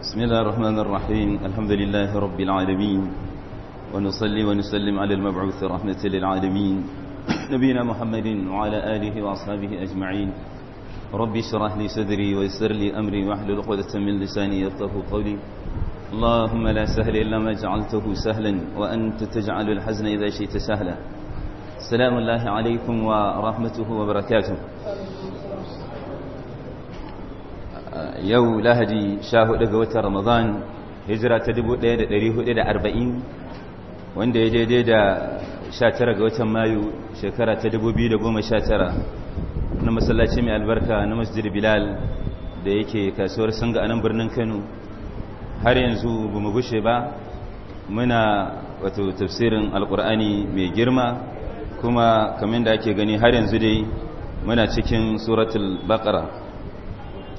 بسم الله الرحمن الرحيم الحمد لله رب العالمين ونصلي ونسلم على المبعوث رحمة للعالمين نبينا محمد وعلى آله وأصحابه أجمعين رب اشرح لي صدري ويسر لي أمري واحلل عقدة من لساني يفقه قولي اللهم لا سهل إلا ما جعلته سهلا وأنت تجعل الحزن إذا شئت سهلا سلام الله عليكم ورحمته وبركاته yau lahadi sha hudu ga watan ramadan hijira ta dubu da da hudu arba'in wanda ya daidai da tara ga watan mayu shekara ta dubu biyu da goma sha tara na masallaci mai albarka na masjid bilal da yake kasuwar sanga a nan birnin kano har yanzu ba mu gushe ba muna wato tafsirin alkur'ani mai girma kuma kamar da ake gani har yanzu dai muna cikin suratul baqara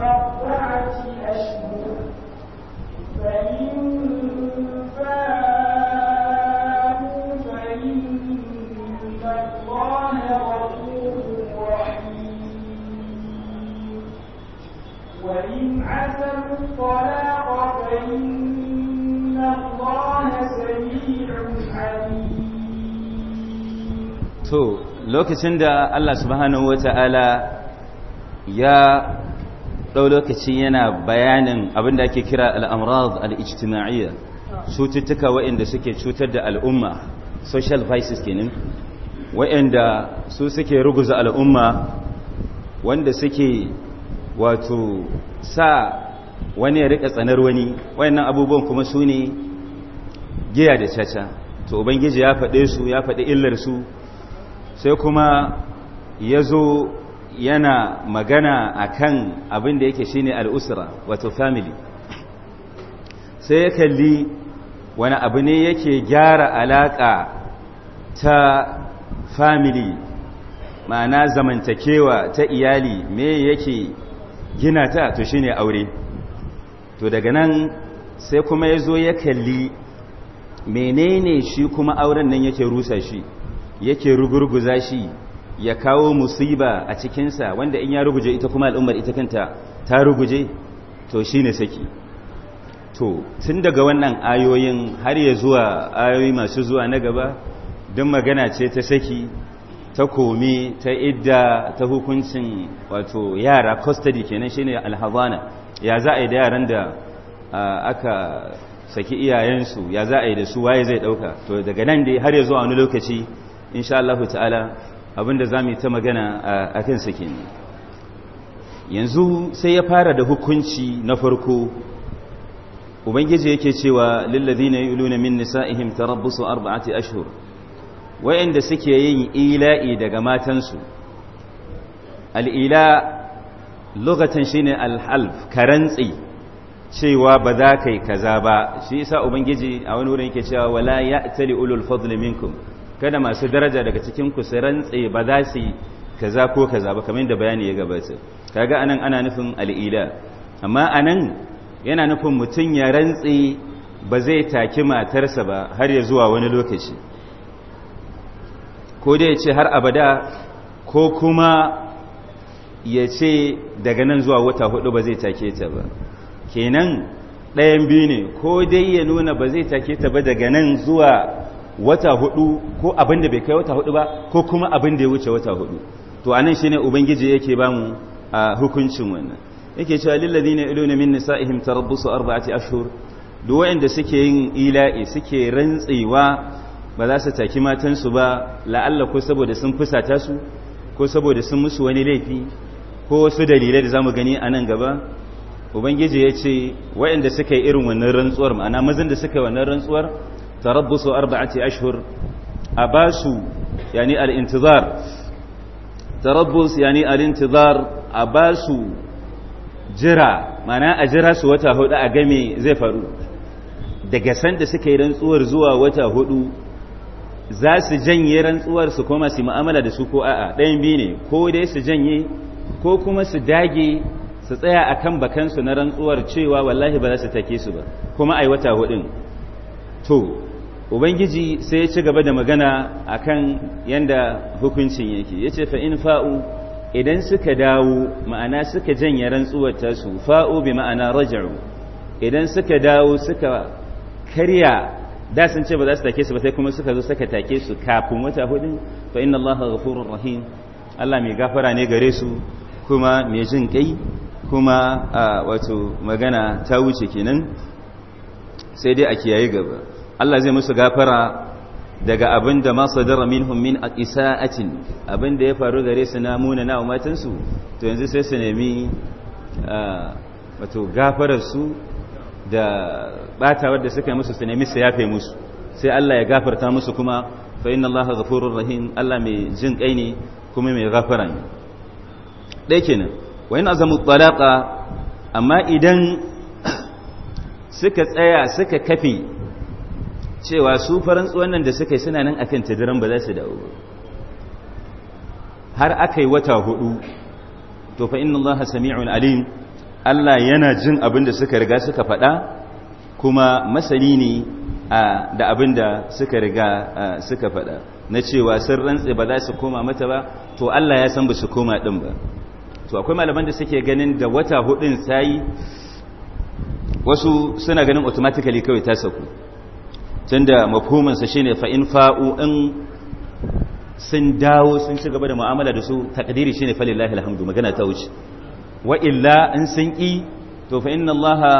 to lokacin da Allah subhanahu wata'ala ya ɗau lokaci yana bayanin abin da ake kira al'amraz al'ijtima'iyya cututtuka waɗanda suke cutar da al'umma social vices kenan waɗanda su suke ruguza al'umma wanda suke wato sa wani ya riƙa tsanar wani waɗannan abubuwan kuma su ne giya da caca to ubangiji ya faɗe su ya faɗi illar su sai kuma ya zo yana magana akan abin da yake shi ne al'usura wato family sai ya kalli wani abu ne yake gyara alaƙa ta family ma'ana zamantakewa ta iyali me yake gina ta to shi ne aure to daga nan sai kuma ya zo ya kalli menene shi kuma auren nan yake rusa shi yake rugurguza shi ya kawo musiba a cikinsa wanda in ya ruguje ita kuma al'ummar ita kanta ta ruguje to shi ne saki to tun daga wannan ayoyin har ya zuwa ayoyi masu zuwa na gaba don magana ce ta saki ta komi ta idda ta hukuncin wato yara custody kenan shi ne alhazana ya za a yi da yaran da aka saki iyayensu ya za a yi da su waye zai ɗauka to daga nan dai har ya zuwa wani lokaci insha Allah ta'ala abinda za mu yi ta magana a kan sakin yanzu sai ya fara da hukunci na farko ubangiji yake cewa lillazina yuluna min nisa'ihim tarabbusu arba'ati ashhur wa'inda suke yin ila'i daga matansu al'ila lokacin shine alhalf karantsi cewa ba za kai kaza ba shi isa ubangiji a wani wurin yake cewa wala ya'tali ulul fadli minkum kada masu daraja daga cikin ku su rantse ba za su kaza ko kaza ba kamar da bayani ya gabata kaga anan ana nufin al'ila amma anan yana nufin mutum ya rantse ba zai taki matarsa ba har ya zuwa wani lokaci ko dai ce har abada ko kuma ya ce daga nan zuwa wata hudu ba zai take ta ba kenan ɗayan biyu ne ko dai ya nuna ba zai take ta ba daga nan zuwa wata hudu ko abin da bai kai wata hudu ba ko kuma abin da ya wuce wata hudu to anan shine ubangiji yake ba mu a hukuncin wannan yake cewa ladina iluna min nisa'ihim tarabbusu arba'ati ashhur duk wanda suke yin ila'i suke rantsewa ba za su taki matansu ba la'alla ko saboda sun fusata su ko saboda sun musu wani laifi ko wasu dalilai da zamu gani a nan gaba ubangiji ya ce waɗanda suka yi irin wannan rantsuwar ma'ana mazan da suka yi wannan rantsuwar tarabbusu arba'ati ashhur a basu yani al-intizar tarabbus yani al-intizar jira mana a jira su wata hudu a game zai faru daga sanda suka yi rantsuwar zuwa wata huɗu za su janye rantsuwar su koma su mu'amala da su ko a'a ɗayan biyu ne ko dai su janye ko kuma su dage su tsaya a kan bakansu na rantsuwar cewa wallahi ba za su take su ba kuma ai wata hudun to ubangiji sai ya ci gaba da magana a kan yadda hukuncin yake ya ce fa'in fa'u idan suka dawo ma'ana suka janye rantsuwar tasu su fa'u bi ma'ana rajaru idan suka dawo suka karya da sun ce ba za su take su ba sai kuma suka zo suka take su kafin wata hudu fa’in inna allaha ghafurur rahim Allah mai gafara ne gare su kuma mai jin kai kuma wato magana ta wuce kenan sai dai a kiyaye gaba Allah zai musu gafara daga abin da masu dara minhum min isa'atin abin da ya faru gare su na muna na matansu to yanzu sai su nemi wato gafararsu da batawar da suka yi musu su nemi su yafe musu sai Allah ya gafarta musu kuma fa inna Allah ghafurur rahim Allah mai jin kai ne kuma mai gafara ne dai kenan wa in azamu talaqa amma idan suka tsaya suka kafe cewa su farantsuwan nan da suka yi suna nan akan tadiran ba za su dawo har aka yi wata hudu to fa inna allaha sami'un alim Allah yana jin abin da suka riga suka faɗa kuma masani ne da abin da suka riga suka faɗa na cewa sun rantse ba za su koma mata ba to Allah ya san ba su koma ɗin ba to akwai malaman da suke ganin da wata hudun sayi wasu suna ganin automatically kawai ta saku tunda mafhumin sa shine fa in fa'u in sun dawo sun ci gaba da mu'amala da su takdiri shine fa lillahi alhamdu magana ta wuce wa illa in sun ƙi to fa inna allaha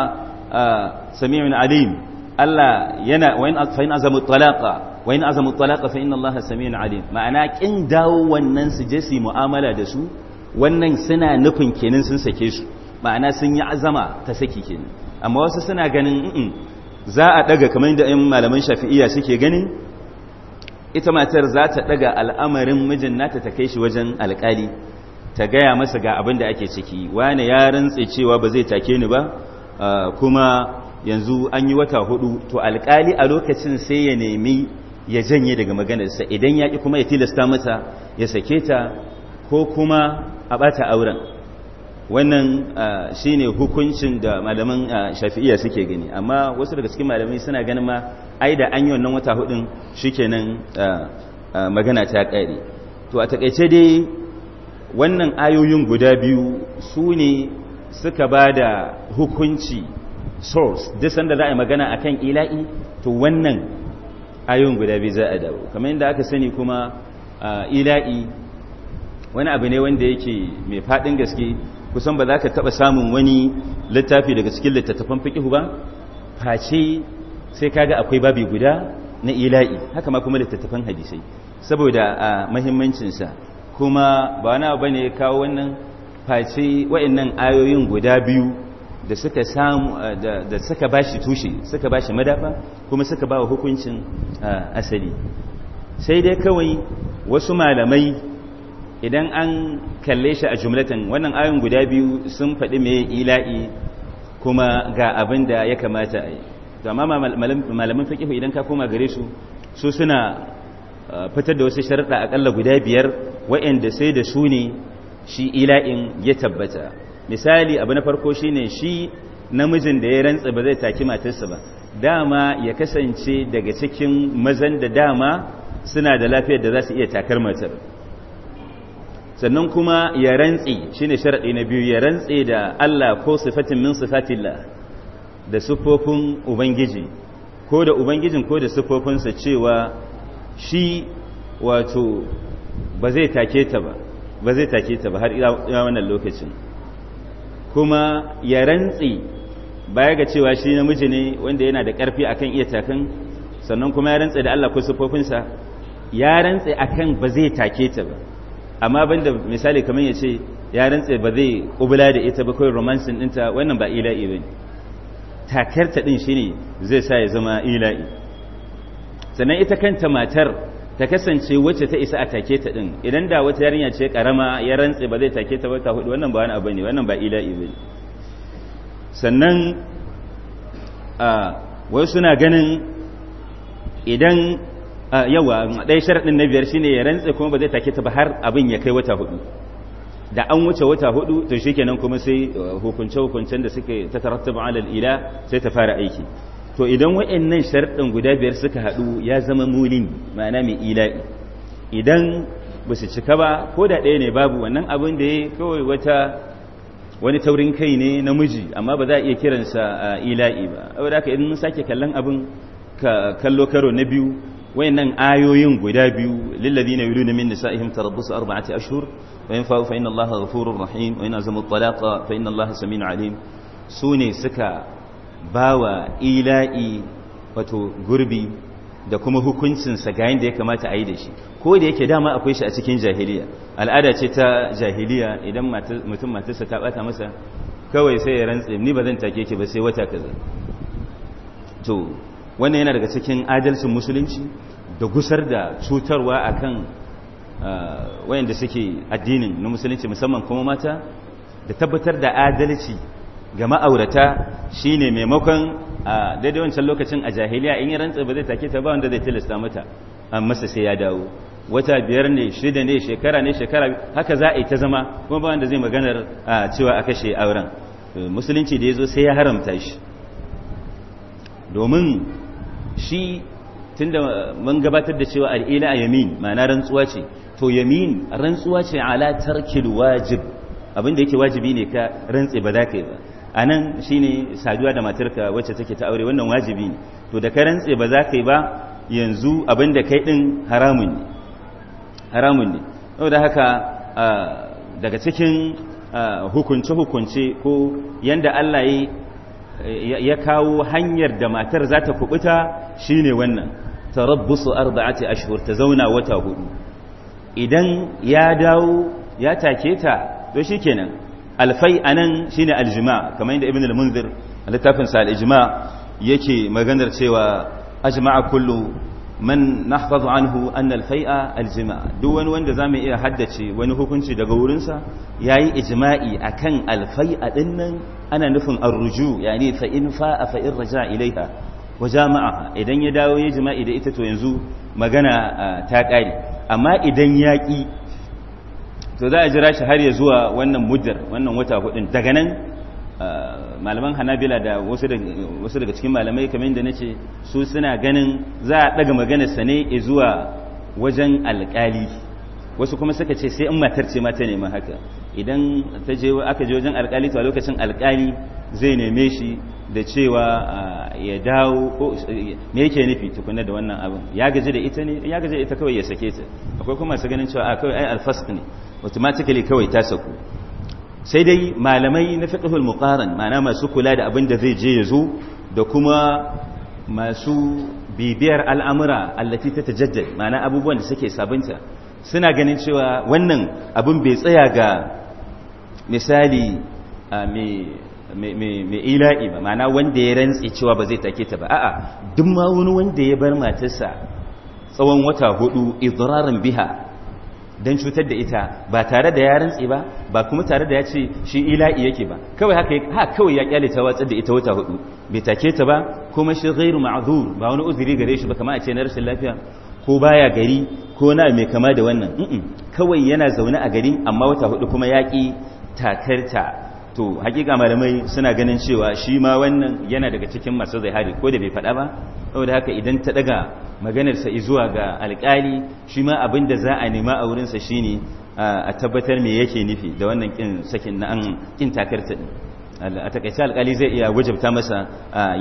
sami'un alim Allah yana wa in fa in azamu talaqa wa in azamu talaqa fa inna allaha sami'un alim ma'ana ƙin dawo wannan su je su mu'amala da su wannan suna nufin kenan sun sake su ma'ana sun yi azama ta saki kenan amma wasu suna ganin za a daga kamar da ayin malaman shafi'iyya suke gani ita matar za ta daga al'amarin mijin nata ta kai shi wajen alkali ta gaya masa ga abin da ake ciki wani ya rantse cewa ba zai take ni ba ah, kuma yanzu an yi wata hudu to alkali a lokacin sai ya nemi ya janye daga maganarsa idan ya kuma ya tilasta mata ya sake ta ko kuma a bata auren wannan shine hukuncin da malaman shafi'iyya suke gani amma wasu daga cikin malamai suna ganin ma ai da an yi wannan wata hudun shikenan magana ta kare to a takaice dai wannan ayoyin guda biyu su ne suka ba da hukunci source duk sanda za a yi magana akan ila'i to wannan ayoyin guda biyu za a dawo kamar yadda aka sani kuma ila'i wani abu ne wanda yake mai faɗin gaske kusan ba za ka taɓa samun wani littafi daga cikin littattafan fiƙihu ba face sai kaga akwai babi guda na ila'i haka ma kuma littattafan hadisai saboda a mahimmancinsa kuma ba wani ba ne kawo wannan face wa'annan ayoyin guda biyu da suka samu da suka ba shi tushe suka ba shi madafa kuma suka ba wa hukuncin asali sai dai kawai wasu malamai idan an kalle shi a jumlatan wannan ayon guda biyu sun faɗi mai ila'i kuma ga abin da ya kamata a yi amma malamin faƙihu idan ka koma gare su su suna uh, fitar da wasu sharaɗa aƙalla guda biyar wa'anda sai da su ne shi ila'in ya tabbata misali abu na farko shi ne shi namijin da ya rantsa ba zai taki matarsa ba dama ya kasance daga cikin mazan da dama suna da lafiyar da za su iya takar matar sannan kuma ya rantse shine sharadi na biyu ya rantse da Allah ko sifatin min sifatillah da sifofin ubangiji ko da ubangijin ko da sifofinsa cewa shi wato ba zai take ta ba ba zai take ta ba har ila wannan lokacin kuma ya rantse baya ga cewa shi namiji ne wanda yana da ƙarfi akan iya takan sannan kuma ya rantse da Allah ko sifofinsa ya rantse akan ba zai take ta ba amma banda misali kamar ya ce ya rantse ba zai kubula da ita ba kawai romancin ɗinta wannan ba ila'i ba ne takarta ɗin shine zai sa ya zama ila'i sannan ita kanta matar ta kasance wacce ta isa a take ta ɗin idan da wata yarinya ce karama ya rantse ba zai take ta ba ta hudu wannan ba wani abu ne wannan ba ila'i ba sannan sannan wai suna ganin idan yawa ɗaya sharaɗin na biyar shine ya rantse kuma ba zai take ta ba har abin ya kai wata hudu da an wuce wata hudu to kenan kuma sai uh, hukunce hukuncen da suke ta tarattaba alal ila sai ta fara aiki to idan wa'annan sharaɗin guda biyar suka haɗu ya zama mulin ma'ana mai ila'i idan ba su cika ba ko da ɗaya ne babu wannan abin da ya kawai wata wani taurin kai ne namiji amma ba za a iya kiransa uh, ila'i ba saboda haka idan sake kallon abin ka kallo karo na biyu wayannan ayoyin guda biyu na yuluna min nisa'ihim tarabbusu arba'ati ashhur wa in fa'u fa inna allaha ghafurur rahim wa in azamu talaqa fa inna allaha alim sune suka bawa ila'i wato gurbi da kuma hukuncin sa ga yanda ya kamata a yi da shi ko da yake dama akwai shi a cikin jahiliya al'ada ce ta jahiliya idan mutum matarsa ta bata masa kawai sai ya rantse ni ba zan take ki ba sai wata kaza to wannan yana daga cikin adalcin musulunci da gusar da cutarwa a kan uh, wayanda suke addinin na musulunci musamman kuma mata da tabbatar da adalci ga ma'aurata shine maimakon a daidai wancan lokacin a jahiliya in yi rantsa ba zai take ta ba wanda zai tilasta mata amma sai ya dawo wata biyar ne shida ne shekara ne shekara haka za a yi ta zama kuma ba wanda zai maganar a cewa a kashe auren musulunci da ya zo sai ya haramta shi domin shi tunda mun gabatar da cewa al'ila a yamin ma'ana rantsuwa ce to yamin rantsuwa ce ala tarkil wajib abin da yake wajibi ne ka rantse ba za ka yi ba a nan shine saduwa da matarka wacce take ta aure wannan wajibi ne to da ka rantse ba za ka yi ba yanzu abin da kai din haramun ne haramun ne saboda haka daga cikin hukunce-hukunce ko yanda Allah ya ya kawo hanyar da matar za ta kubuta shine wannan tarabbusu arba'ati ashur ta zauna wata hudu idan ya dawo ya take ta to shikenan alfai anan shine aljima kamar yadda ibn al-munzir littafin sa al-ijma yake maganar cewa ajma'a kullu man nahfaz anhu an al-fai'a al duk wani wanda zamu iya haddace wani hukunci daga wurinsa yayi ijma'i akan alfai'a faia dinnan ana nufin ar-ruju yani fa in fa'a fa in raja ilaiha wa idan ya dawo ya jima'i da ita to yanzu magana ta kare amma idan yaki to za a jira shi har ya zuwa wannan mudar wannan wata hudun daga nan malaman hanabila da wasu daga cikin malamai kamar da na ce su suna ganin za a ɗaga sane e zuwa wajen alƙali wasu kuma suka ce sai in matar ce mata neman haka idan ta je aka je wajen alƙali to a lokacin alƙali zai neme shi da cewa ya dawo ko me yake nufi tukuna da wannan abin ya gaji da ita ne ya gaji da ita kawai ya sake ta akwai kuma su ganin cewa a kawai ai alfasq ne automatically kawai ta saku sai dai malamai na fiƙihul muqaran ma'ana masu kula da abin da zai je ya zo da kuma masu bibiyar al'amura allafi ta tajaddad ma'ana abubuwan da suke sabunta suna ganin cewa wannan abin bai tsaya ga misali mai ila'i ba ma'ana wanda ya rantsi cewa ba zai take ta ba a'a duk ma wani wanda ya bar matarsa tsawon wata hudu idrarin biha don cutar da ita ba tare da ya rantse ba ba kuma tare da ya ce shi ila'i yake ba kawai haka ha kawai ya kyale ta watsar da ita wata hudu bai take ta ba kuma shi ghairu ma'zur ba wani uzuri gare shi ba kamar a ce na rashin lafiya ko baya gari ko na mai kama da wannan kawai yana zaune a gari amma wata hudu kuma ya ki takarta to hakika malamai suna ganin cewa shi ma wannan yana daga cikin masu zahari ko da bai faɗa ba saboda haka idan ta daga maganarsa izuwa ga alƙali shi ma abin da za a nema a wurinsa shi ne a tabbatar me yake nufi da wannan kin sakin na an kin takarta a takaice alƙali zai iya wajabta masa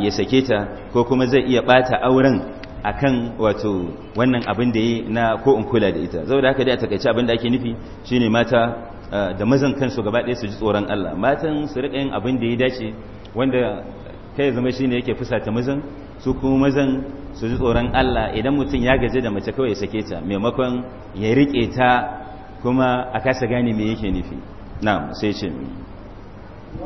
ya sake ta ko kuma zai iya ɓata auren a kan wato wannan abin da yi na ko in kula da ita saboda haka dai a takaice abin da ake nufi shine mata Eh, da mazan kansu gaba ɗaya su ji tsoron Allah matan su riƙa yin abin da ya dace wanda kai zama shi ne yake fusata mazan su kuma mazan su ji tsoron Allah idan mutum ya gaje da mace kawai ya sake ta maimakon ya riƙe ta kuma a kasa gane me yake nufi na sai ce ce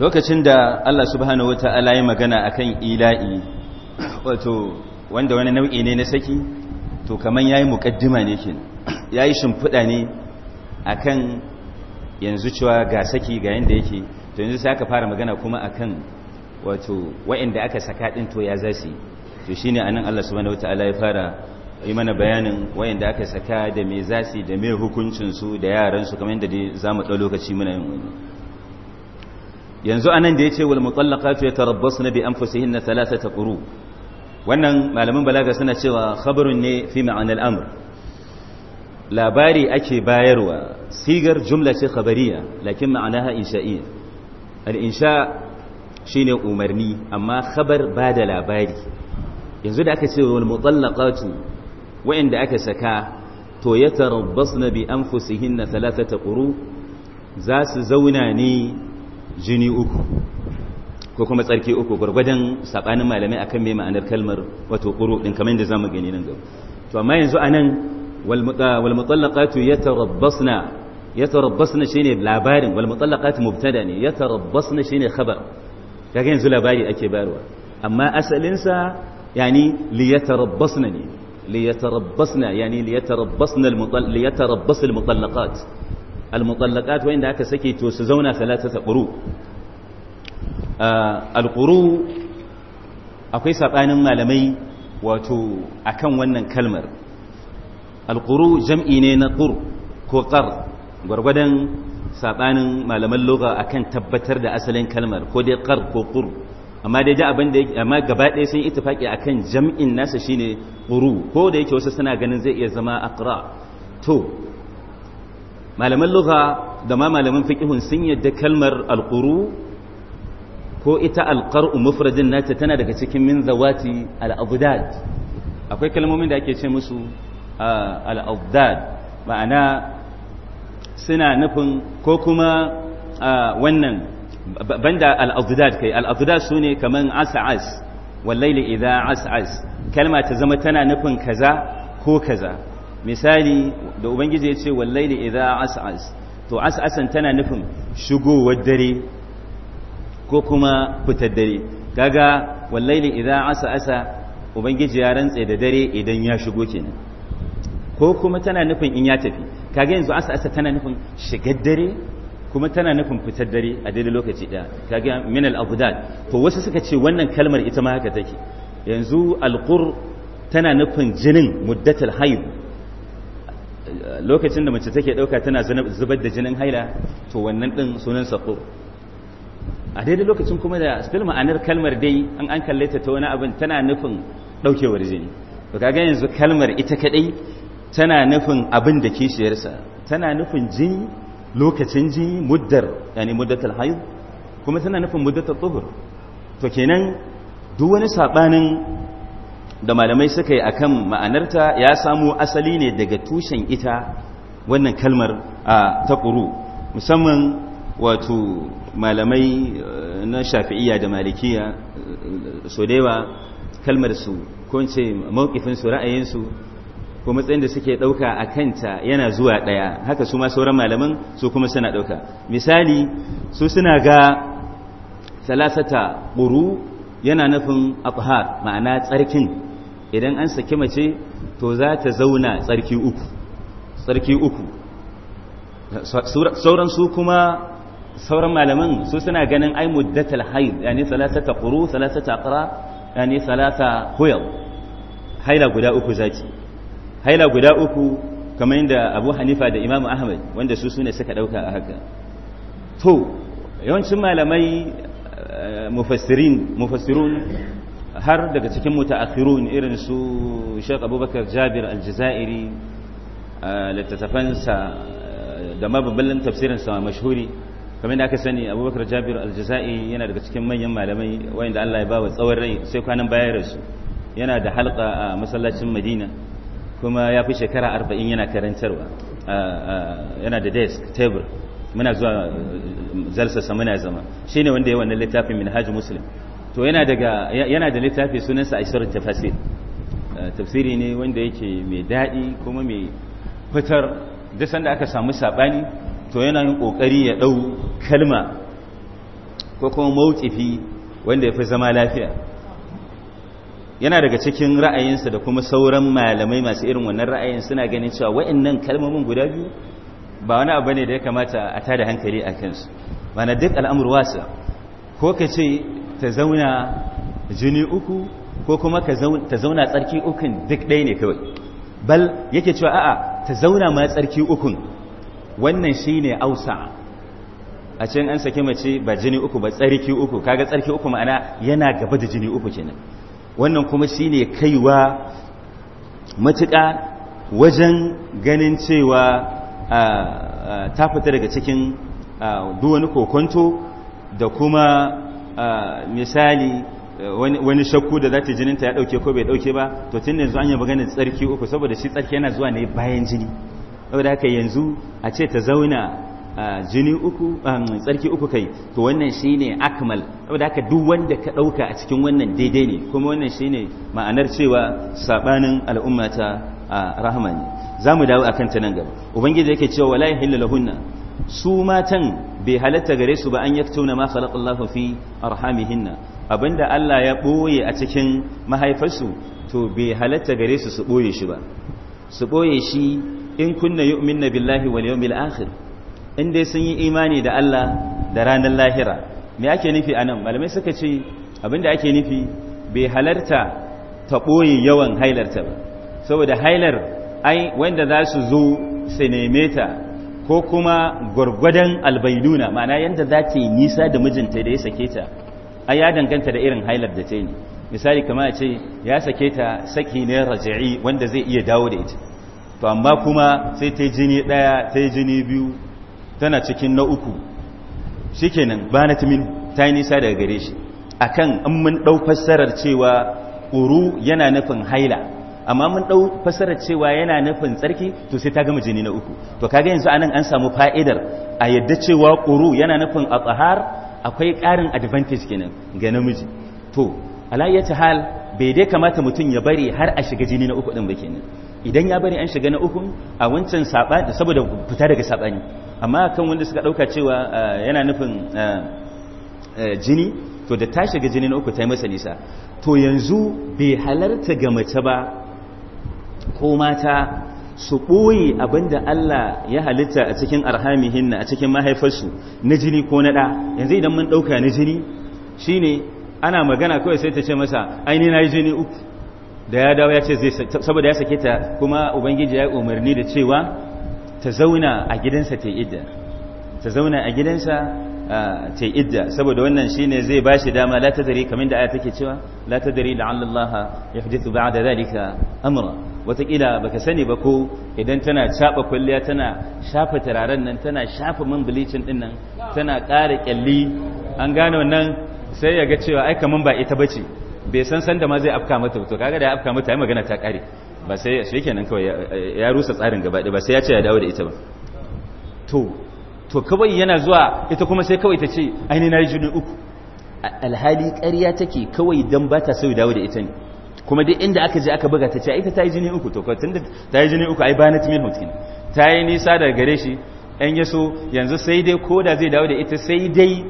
lokacin da Allah subhanahu ta'ala ya magana akan ila'i wato wanda wani nau'i ne na saki to kaman yayi muqaddima ne ya yayi shimfiɗa ne akan yanzu cewa ga saki ga yanda yake to yanzu sai aka fara magana kuma akan wato wa'anda aka saka din to ya zasi to shine anan Allah subhanahu ta'ala ya fara yi mana bayanin wayanda aka saka da me zasi da me hukuncin su da yaran su kamar yadda dai zamu dau lokaci muna yin wani yanzu anan da ya yace wal mutallaqatu na bi anfusihinna thalathata quru wannan malamin balaga suna cewa khabarun ne fi ma'anar amr labari ake bayarwa sigar jumla ce khabariya lakin ma'anaha insha'iyya al-insha shine umarni amma khabar bada labari yanzu da aka ce wal mutallaqatu wa'inda aka saka to na bi anfusihinna thalathata quru za su zauna ne jini uku ko kuma tsarki uku gwargwadon saɓanin malamai akan mai ma'anar kalmar wato quru ɗin kamar yadda zamu gani nan gaba to amma yanzu anan wal wal mutallaqatu yatarabbasna yatarabbasna shine labarin wal mutallaqatu mubtada ne yatarabbasna shine khabar kaga yanzu labari ake bayarwa amma asalinsa asalin sa yani liyatarabbasna ne liyatarabbasna yani liyatarabbasna al mutallaqat liyatarabbas al mutallaqat al-mutallaqat wanda aka sake to su zauna salatata quru al-quru akwai sabanin malamai wato akan wannan kalmar al-quru jam'i ne na qur ko qar gwargwadon sabanin malaman lugha akan tabbatar da asalin kalmar ko dai qar ko qur amma dai da abin da amma gaba ɗaya sun ittifaki akan jam'in nasa shine quru ko da yake wasu suna ganin zai iya zama aqra to malaman lugha da ma malaman fiqihun sun yadda kalmar alquru ko ita alqar'u mufradin nata tana daga cikin min zawati al-abdad akwai kalmomin da ake ce musu al-abdad ma'ana suna nufin ko kuma wannan banda al-abdad kai al-abdad sune kaman as'as wallaili idha as'as kalma ta zama tana nufin kaza ko kaza misali da ubangiji ya ce wallaili idza as'as to as'asan tana nufin shigowar dare ko kuma fitar dare kaga wallaili idza as'asa ubangiji ya rantse da dare idan ya shigo kenan ko kuma tana nufin in ya tafi kaga yanzu as'asa tana nufin shigar dare kuma tana nufin fitar dare a daidai lokaci daya kaga min al to wasu suka ce wannan kalmar ita ma haka take yanzu alqur tana nufin jinin muddatul hayd lokacin da mace take ɗauka tana zubar da jinin haila to wannan ɗin sunan sako a daidai lokacin kuma da still ma'anar kalmar dai an an kalle ta ta wani abin tana nufin ɗaukewar jini to kaga yanzu kalmar ita kadai tana nufin abin da kishiyarsa tana nufin jini lokacin jini muddar yani muddatul hayd kuma tana nufin muddatul tuhur to kenan duk wani sabanin da malamai suka yi akan ma'anarta ya samo asali ne daga tushen ita wannan kalmar a ta ƙuru musamman wato malamai eh, na shafi'iyya da malikiya eh, so dewa kalmar su ko ce mawkifin su ra'ayin su ko matsayin da suke ɗauka a kanta yana zuwa ɗaya haka su ma sauran malaman su kuma suna ɗauka misali su suna ga salasata ƙuru yana nufin afhar ma'ana tsarkin idan an saki mace to za ta zauna tsarki uku tsarki uku sauran su kuma sauran malaman su suna ganin ai muddatal haid yani salasata quru salasata aqra yani salasa huyal haila guda uku zaki haila guda uku kamar yadda Abu Hanifa da Imam Ahmad wanda su sune suka dauka a haka to yawancin malamai eh, mufassirin mufassirun har daga cikin mutaakhirun irin su Sheikh Abubakar Jabir Al-Jazairi littattafansa da mababbalin tafsirinsa mashhuri kamar da aka sani Abubakar Jabir Al-Jazairi yana daga cikin manyan malamai wanda Allah ya ba wa tsawon rai sai kwanan bayan rasu yana da halka a masallacin Madina kuma ya fi shekara arba'in yana karantarwa yana da desk table muna zuwa zalsasa muna zama shine wanda ya wannan littafin minhaj muslim to yana daga yana da littafi sunansa a aishar tafasir eh, tafsiri ne wanda yake mai daɗi kuma mai fitar duk sanda aka samu saɓani to yana yin ƙoƙari ya ɗau kalma ko kuma mautifi wanda ya fi zama lafiya yana daga cikin ra'ayinsa da kuma sauran malamai masu irin wannan ra'ayin suna ganin cewa wa'annan kalmomin guda biyu ba wani abu ne da ya kamata a tada hankali a kansu mana duk al'amur wasa ko ka ce ta zauna jini uku ko kuma ta zauna tsarki ukun duk ɗaya ne kawai bal yake cewa a'a ta zauna ma tsarki ukun wannan shine ausa a cikin an sake mace ba jini uku ba tsarki uku kaga tsarki uku ma'ana yana gaba da jini uku kenan wannan kuma shine kaiwa matuƙa wajen ganin cewa ta fita daga cikin duwani kokonto da kuma misali wani shakku da za ta jininta ya dauke ko bai ɗauke ba to tun yanzu an yi maganin tsarki uku saboda shi tsarki yana zuwa ne bayan jini saboda haka yanzu a ce ta zauna jini uku tsarki uku kai to wannan shi ne akmal saboda haka duk wanda ka ɗauka a cikin wannan daidai ne kuma wannan shi ne ma'anar cewa sabanin al'ummata za mu dawo akan ta nan gaba ubangiji yake cewa la ilaha illa su matan bai halatta gare su ba an yaktauna ma khalaqallahu fi arhamihinna abinda Allah ya boye a cikin mahaifarsu to bai halatta gare su su boye shi ba su boye shi in kunna yu'minna billahi wal yawmil akhir in dai sun yi imani da Allah da ranar lahira me ake nufi anan malamai suka ce abinda ake nufi bai halarta ta boye yawan hailarta ba saboda hailar ai wanda za su zo su neme ta ko kuma gwargwadon albaiduna ma'ana yadda za ta yi nisa da mijinta da ya sake ta a ya danganta da irin hailar da ta yi misali kama a ce ya sake ta saki ne raja'i wanda zai iya dawo da ita to amma kuma sai ta jini ɗaya ta jini biyu tana cikin na uku shikenan ba na timin ta yi nisa daga gare shi akan in mun ɗau fassarar cewa uru yana nufin haila amma mun dau fasara cewa yana nufin tsarki to sai ta gama jini na uku to kaga yanzu anan an samu fa'idar a yadda cewa quru yana nufin atsahar akwai ƙarin advantage kenan ga namiji to alayyata hal bai dai kamata mutum ya bari har a shiga jini na uku din ba kenan idan ya bari an shiga na uku a wancan sabani saboda fita daga sabani amma kan wanda suka ɗauka cewa eh, yana nufin eh, eh, jini to da ta shiga jini na uku ta yi masa nisa to yanzu bai halarta ga mace ba ko mata su ɓoye abinda Allah ya halitta a cikin arhamihinna a cikin mahaifarsu na jini ko na ɗa yanzu idan mun ɗauka na jini shine ana magana kawai sai ta ce masa aini na yi jini uku da ya dawo ya ce zai saboda ya sake ta kuma ubangiji ya yi umarni da cewa ta zauna a gidansa ta idda ta zauna a gidansa ta idda saboda wannan shine zai ba shi dama la tadri kamar da aya take cewa la da la'alla Allah yahdithu ba'da zalika amra watakila baka sani ba ko idan tana caɓa kwalliya tana shafa turaren nan tana shafa man bilicin din nan tana ƙara kyalli an gane wannan sai ya ga cewa ai kaman ba ita bace bai san san da ma zai afka mata to kaga da ya afka mata ai magana ta ƙare ba sai nan kawai ya rusa tsarin gaba ba sai ya ce ya dawo da ita ba to to kawai yana zuwa ita kuma sai kawai ta ce ai ni yi jini uku alhali ƙarya take kawai dan ba ta so ya dawo da ita ne kuma duk inda aka je aka buga ta ce ita ta yi jini uku to tun da ta yi jini uku ai banat min hutkin ta yi nisa daga gare shi an yaso yanzu sai dai ko da zai dawo da ita sai dai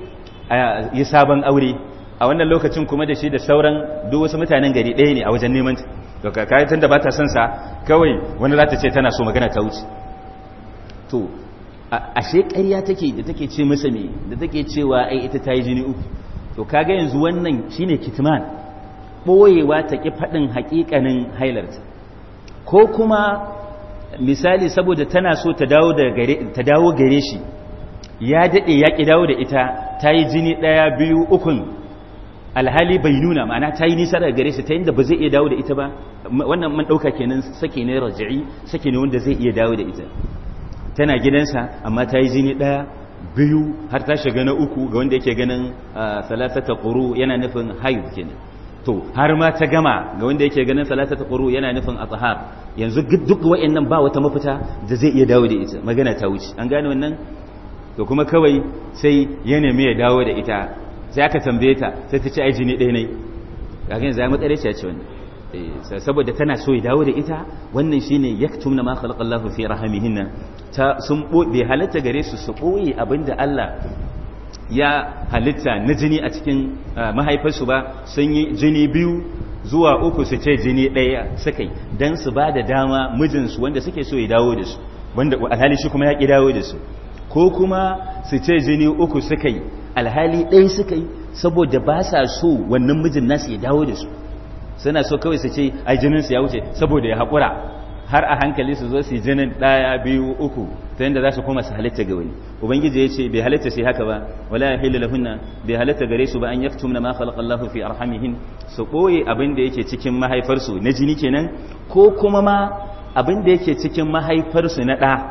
yi sabon aure a wannan lokacin kuma da shi da sauran duk wasu mutanen gari ɗaya ne a wajen neman ta to ka tun da ba ta son sa kawai wani za ta ce tana so magana ta wuce to ashe ƙarya take da take ce masa me da take cewa ai ita ta yi jini uku to kaga yanzu wannan shine kitman ɓoyewa ta ƙi faɗin haƙiƙanin hailarta ko kuma misali saboda tana so ta dawo gare shi ya daɗe ya ƙi dawo da ita ta yi jini ɗaya biyu ukun alhali bai nuna ma'ana ta yi nisa daga gare shi ta yadda ba zai iya dawo da ita ba wannan man ɗauka kenan sake ne raji'i sake ne wanda zai iya dawo da ita tana gidansa amma ta yi jini ɗaya biyu har ta shiga na uku ga wanda yake ganin ah, salatata ƙuru yana nufin haihu kenan to har ma ta gama ga wanda yake ganin salata ta ƙuru yana nufin a yanzu duk wa'annan ba wata mafita da zai iya dawo da ita magana ta wuce an gane wannan to kuma kawai sai ya nemi ya dawo da ita sai aka tambaye ta sai ta ci ai jini ɗaya ne kaga za mu tsare ce wannan eh, saboda tana so ya dawo da ita wannan shine yaktumna ma khalaqallahu fi rahamihinna ta sun bo halatta gare su su koyi abinda Allah ya halitta na jini a cikin eh, mahaifarsu ba sun yi jini biyu zuwa uku su ce jini ɗaya suka yi don su ba da dama mijinsu wanda suke so ya dawo da su wanda alhali shi kuma ya ƙi dawo da su ko kuma su ce jini uku suka alhali ɗaya suka yi saboda ba sa so wannan mijin nasu ya dawo da su suna so kawai su ce ai jininsu ya wuce saboda ya haƙura har a hankali su zo su jinin ɗaya biyu uku ta yadda za su koma su halitta ga wani ubangiji ya ce bai halitta sai haka ba wala ya hila lahunna bai halitta gare su ba an yaktum na ma khalaqallahu fi arhamihin su ɓoye abin da yake cikin mahaifarsu na jini kenan ko kuma ma abin da yake cikin mahaifarsu na ɗa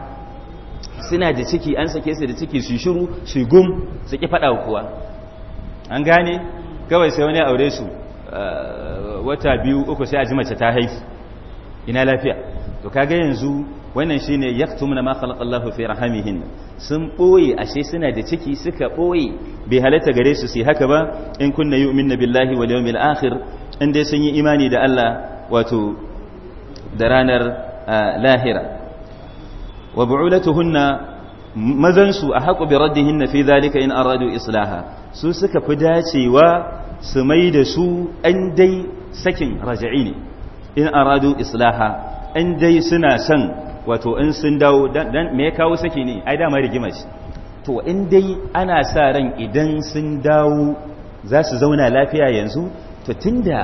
suna da ciki an sake su da ciki su shiru su gum su ki faɗa kuwa an gane kawai sai wani aure su eh, wata biyu uku sai a ji mace ta haifi ina lafiya to kaga yanzu wannan shine yaktumuna ma khalaqallahu fi rahamihin sun boye ashe suna da ciki suka boye bai halatta gare su sai haka ba in kunna yu'minna billahi wal yawmil akhir in dai sun yi imani da Allah wato da ranar lahira wa bu'ulatuhunna mazan su a haƙu bi raddihinna fi zalika in aradu islaha su suka fi dacewa su mai da su an dai sakin raja'i ne in aradu islaha in dai suna son wato in sun dawo dan me ya kawo saki ne ai dama rigima shi to in dai ana sa ran idan sun dawo za su zauna lafiya yanzu to tunda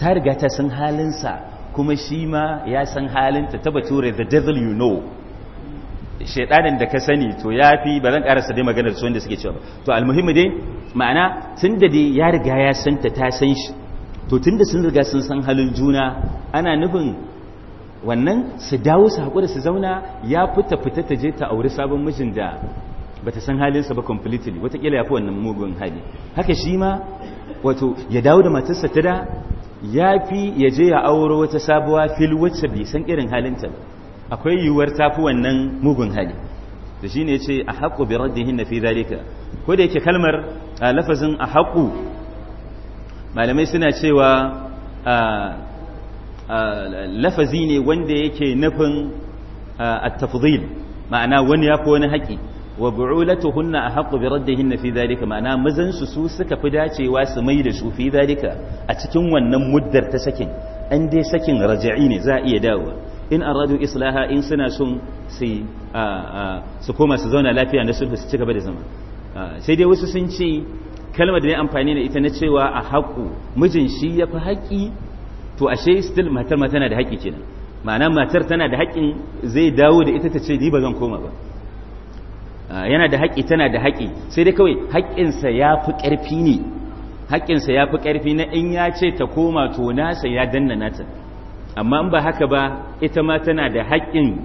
ta riga ta san halinsa kuma shi ma ya san halinta ta bature the devil you know shaidanin da ka sani to ya fi ba zan karasa dai maganar su wanda suke cewa ba to almuhimmi dai ma'ana tun da dai ya riga ya santa ta san shi to tun da sun riga sun san halin juna ana nufin wannan su dawo su haƙura su zauna ya fita fita ta je ta auri sabon mijin da ba ta san halinsa ba completely watakila ya fi wannan mugun hali haka shi ma wato ya dawo da matarsa ta da ya fi ya je ya auro wata sabuwa fil wacce bai san irin halinta ba akwai yiwuwar ta fi wannan mugun hali da shi ne ce a haƙo bi raddihin na fi zalika ko da yake kalmar a lafazin a haƙo malamai suna cewa lafazi ne wanda yake nufin at-tafdhil ma'ana wani ya fi wani haƙi wa bu'ulatuhunna ahqqu bi raddihinna fi dhalika ma'ana mazan su su suka fi dacewa su mai da su fi dhalika a cikin wannan muddar ta sakin an dai sakin raja'i ne za a iya dawowa in aradu islaha in suna sun su su koma su zauna lafiya na sulhu su ci gaba da zama sai dai wasu sun ce kalmar da ne amfani da ita na cewa a haƙu mijin shi ya fi haƙi to ashe still matar ma tana da haƙƙi kenan ma'ana matar tana da haƙƙin zai dawo da ita ta ce ni ba zan koma ba yana da haƙƙi tana da haƙƙi sai dai kawai haƙƙinsa ya fi ƙarfi ne haƙƙinsa ya fi ƙarfi na in ya ce ta koma to nasa ya danna nata amma in ba haka ba ita ma tana da haƙƙin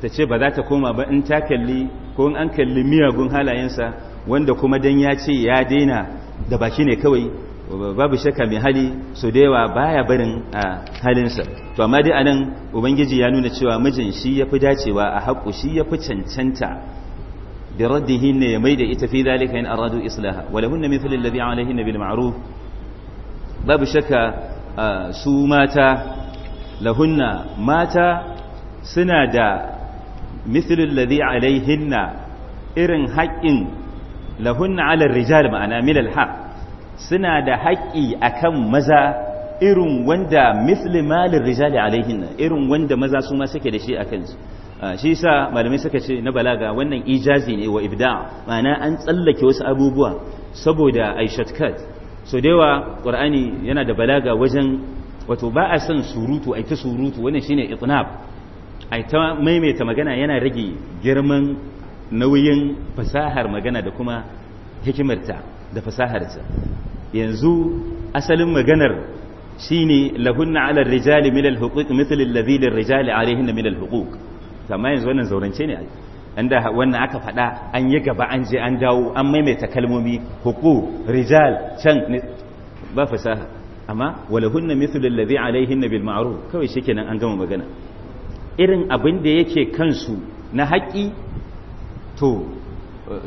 ta ce ba za ta koma ba in ta kalli ko in an kalli miyagun halayensa wanda kuma dan ya ce ya daina da baki ne kawai babu shakka mai hali su da yawa baya barin a halinsa to amma dai anan ubangiji ya nuna cewa mijin shi yafi dacewa a haƙu shi yafi cancanta bi raddihin ne ya mai da ita fi zalika in aradu islaha wa lahunna mithlu alladhi alayhinna bil ma'ruf babu shakka su mata lahunna mata suna da mithlu alladhi alayhinna irin haƙƙin lahunna ala rijal ma'ana milal haqq suna da haƙƙi akan maza irin wanda misli malin rijali alaihin irin wanda maza su ma suke da shi a kansu ah, shi sa malamai suka ce na balaga wannan ijazi ne wa ibda ma'ana an tsallake wasu abubuwa saboda aishatkat so da yawa ƙur'ani yana da balaga wajen wato ba a son surutu a ta surutu wannan shine itnab a ta maimaita magana yana rage girman nauyin fasahar magana da kuma hikimarta da fasaharsa yanzu asalin maganar shine lahunna ala rijali min al-huquq mithl alladhi lir-rijali alayhinna min al-huquq amma yanzu wannan zaurance ne inda wannan aka faɗa an yi gaba an je an dawo an maimaita kalmomi huku rijal can ba fasaha amma walahunna mithlu alladhi alayhinna bil ma'ruf kawai shikenan an gama magana irin abin da yake kansu na haƙi to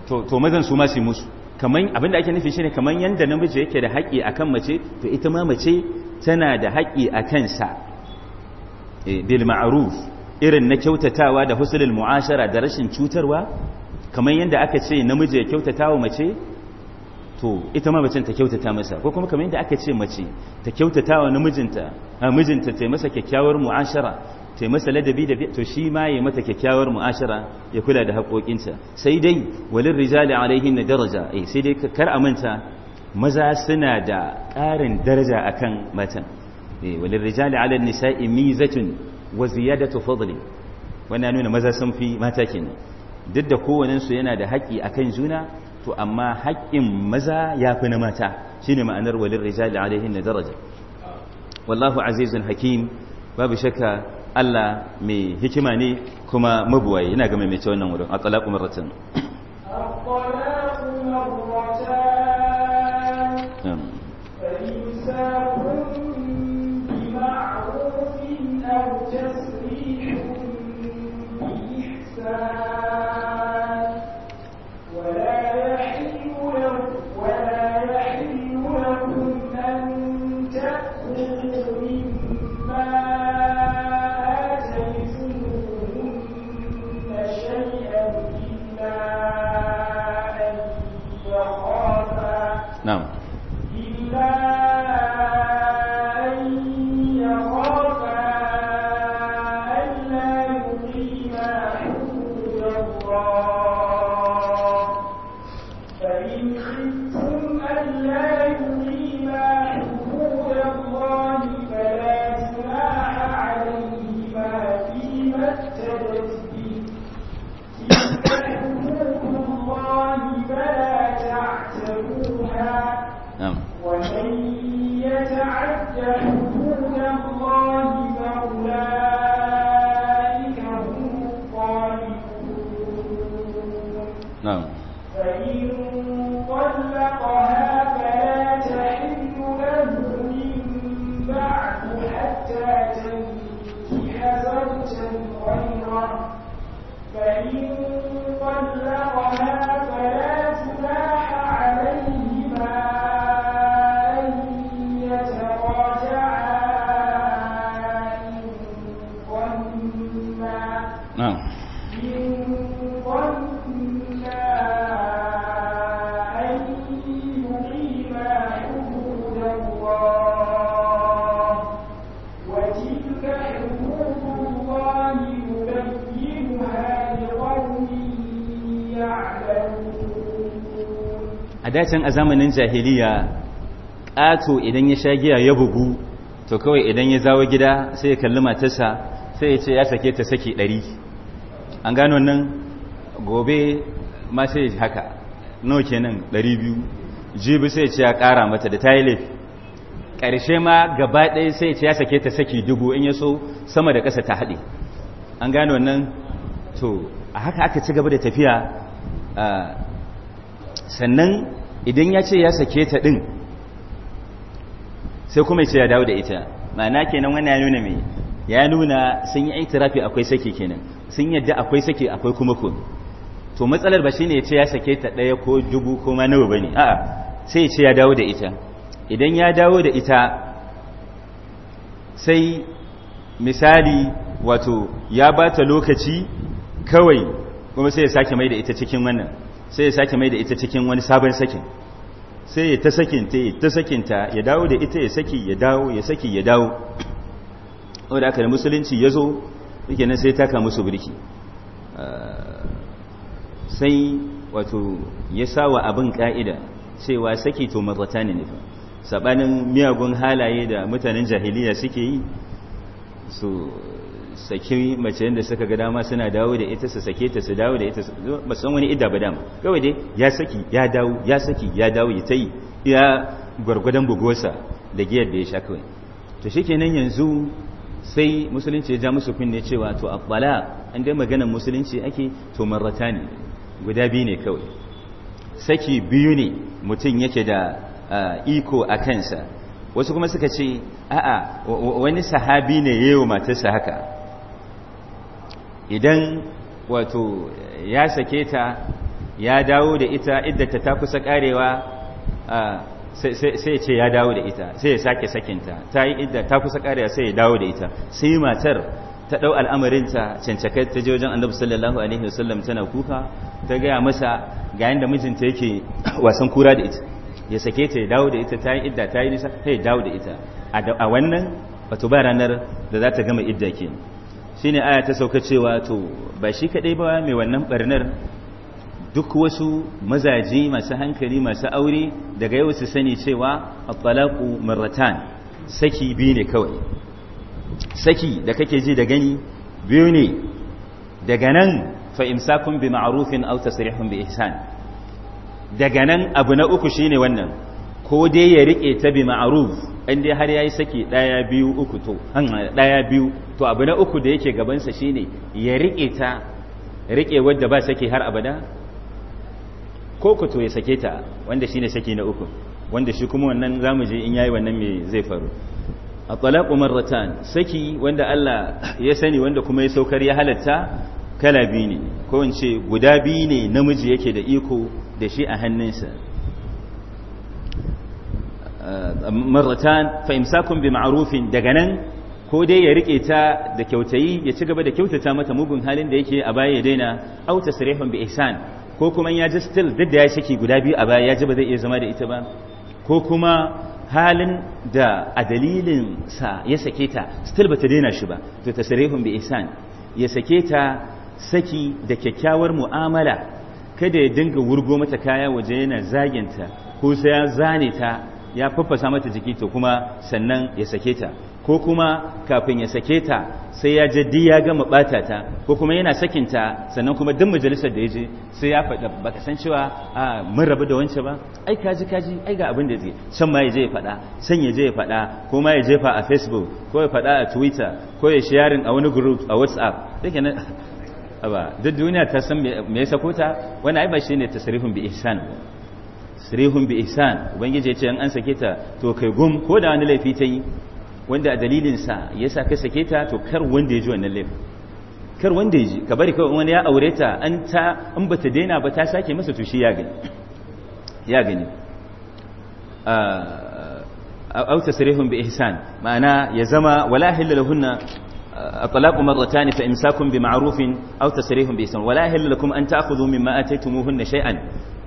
to mazan su ma su musu kamar abin da ake nufi ne kaman yadda namiji yake da haƙƙi akan mace to ita ma mace tana da haƙƙi a kansa eh, bil ma'aruf irin na kyautatawa da husulul mu'ashara da rashin cutarwa kamar yadda aka ce namiji ya kyautatawa mace to ita ma mace ta kyautata masa ko kuma kamar yadda aka ce mace ta kyautata wa namijinta a mijinta ta masa kyakkyawar mu'ashara Tai masa ladabi da to shi ma ya mata kyakkyawar mu'ashara ya kula da haƙoƙinta sai dai walin rijali alaihin na daraja eh sai dai kar a manta maza suna da ƙarin daraja akan matan eh walin rijali alal nisa'i mizatun wa ziyadatu fadli wannan nuna maza sun fi mata kenan duk da kowannen su yana da haƙƙi akan juna to amma haƙƙin maza yafi na mata shine ma'anar walin rijali alaihin na daraja wallahu azizun hakim babu shakka Allah mai hikima ne kuma mabuwayi ina ga mai wannan wurin a tsalaƙumar ratin. dacin a zamanin jahiliya ƙato idan ya sha giya ya bugu to kawai idan ya zawo gida sai ya kalli matarsa sai ya ce ya sake ta saki ɗari an gano nan gobe ma sai haka nawa kenan ɗari biyu jibi sai ce ya ƙara mata da ta laifi ƙarshe ma gaba ɗaya sai ce ya sake ta saki dubu in ya so sama da ƙasa ta haɗe an gano nan to a haka aka ci gaba da tafiya ah, sannan idan ya ce ya sake ta ɗin sai kuma ya ce ya dawo da ita ma'ana kenan wani ya nuna mai ya nuna sun yi itirafi akwai sake kenan sun yadda akwai sake akwai kuma ku. to matsalar ba shine ya ce ya sake ta ɗaya ko dubu ko ma nawa bane a'a sai ya ce ya dawo da ita idan ya dawo da ita sai misali wato ya ba ta lokaci kawai kuma sai ya sake mai da ita cikin wannan sai ya sake mai da ita cikin wani sabon sakin sai ya ta sakinta ya ta sakinta ya dawo da ita ya saki ya dawo ya saki ya dawo wanda aka da musulunci ya zo yake nan sai taka musu birki ah, sai wato ya sa wa abin ka'ida cewa saki to marrata ne nufin sabanin miyagun halaye da mutanen jahiliya suke yi su saki mace yadda suka ga dama suna dawo da ita su sake ta su dawo da ita ba wani idda ba dama kawai dai ya saki ya dawo ya saki ya dawo ya tayi ya gwargwadon bugosa da giyar da ya sha kawai to shikenan yanzu sai musulunci ya ja musu kunne cewa to abbala an dai magana musulunci ake to marrata ne guda biyu ne kawai saki biyu ne mutum yake da ah, iko a kansa wasu kuma suka ce a'a wani sahabi ne ya yi wa matarsa haka idan wato ya sake ta ya dawo da ita iddata ta kusa karewa sai ce ya dawo da ita sai ya sake sakinta ta yi idda ta kusa karewa sai ya dawo da ita sai matar ta ɗau al'amarinta cancakai ta je wajen annabi sallallahu alaihi wasallam tana kuka ta gaya masa ga yadda mijinta yake wasan kura da ita ya sake ta ya dawo da ita ta yi idda ta yi nisa ta ya dawo da ita a wannan wato ba ranar da za ta gama idda kenan shine aya ta sauka cewa to ba shi kaɗai ba mai wannan barnar duk wasu mazaji masu hankali masu aure daga yau su sani cewa a talaqu marratan saki biyu ne kawai saki da kake ji da gani biyu ne daga nan fa bi ma'arufin aw bi ihsan daga nan abu na uku shine wannan ko dai ya rike ta bi ma'ruf in dai har yayi saki daya biyu uku to daya biyu to abu na uku da yake gaban sa shine ya rike ta rike wadda ba saki har abada ko ku to ya sake ta wanda shine saki na uku wanda shi kuma wannan zamu je in yayi wannan me zai faru at-talaqu marratan saki wanda Allah ya sani wanda kuma ya saukar ya halatta kala biyu ne ko in ce guda biyu ne namiji yake da iko da shi a hannunsa marratan fa imsakun bi ma'rufin daga nan ko dai ya rike ta da kyautayi ya ci gaba da kyautata mata mugun halin da yake a baya ya daina au tasrihun bi ihsan ko kuma ya ji still duk da ya shaki guda biyu a baya ya ji ba zai iya zama da ita ba ko kuma halin da a dalilin sa ya sake ta still bata daina shi ba to tasrihun bi ihsan ya sake ta saki da kyakkyawar mu'amala kada ya dinga wurgo mata kaya waje yana zaginta ko sai ya zane ta ya fafasa mata jiki to kuma sannan ya sake ta ko kuma kafin ya sake ta sai ya jaddi ya gama bata ta ko kuma yana sakin ta sannan kuma duk majalisar da ya je sai ya faɗa baka san cewa a mun rabu da wancan ba ai kaji kaji ai ga abin da zai can ma ya je ya faɗa san ya je ya faɗa ko ma ya jefa a facebook ko ya faɗa a twitter ko ya sharing a wani group a whatsapp yake nan aba duk duniya ta san me ya sako ta wani ai ba shine tasrifin bi ihsan sirihun bi ihsan ubangiji ya ce an sake ta to kai gum ko da wani laifi ta yi wanda a dalilin sa yasa ka sake ta to kar wanda ya ji wannan laifin kar wanda ya ji ka bari kawai wani ya aure ta an ta an bata daina ba ta sake masa to shi ya gani ya gani ah, Auta tasrihum bi ihsan ma'ana ya zama wala hilla lahunna الطلاق مرتان فإمساك بمعروف أو تسريح بإحسان ولا يحل لكم أن تأخذوا مما آتيتموهن شيئا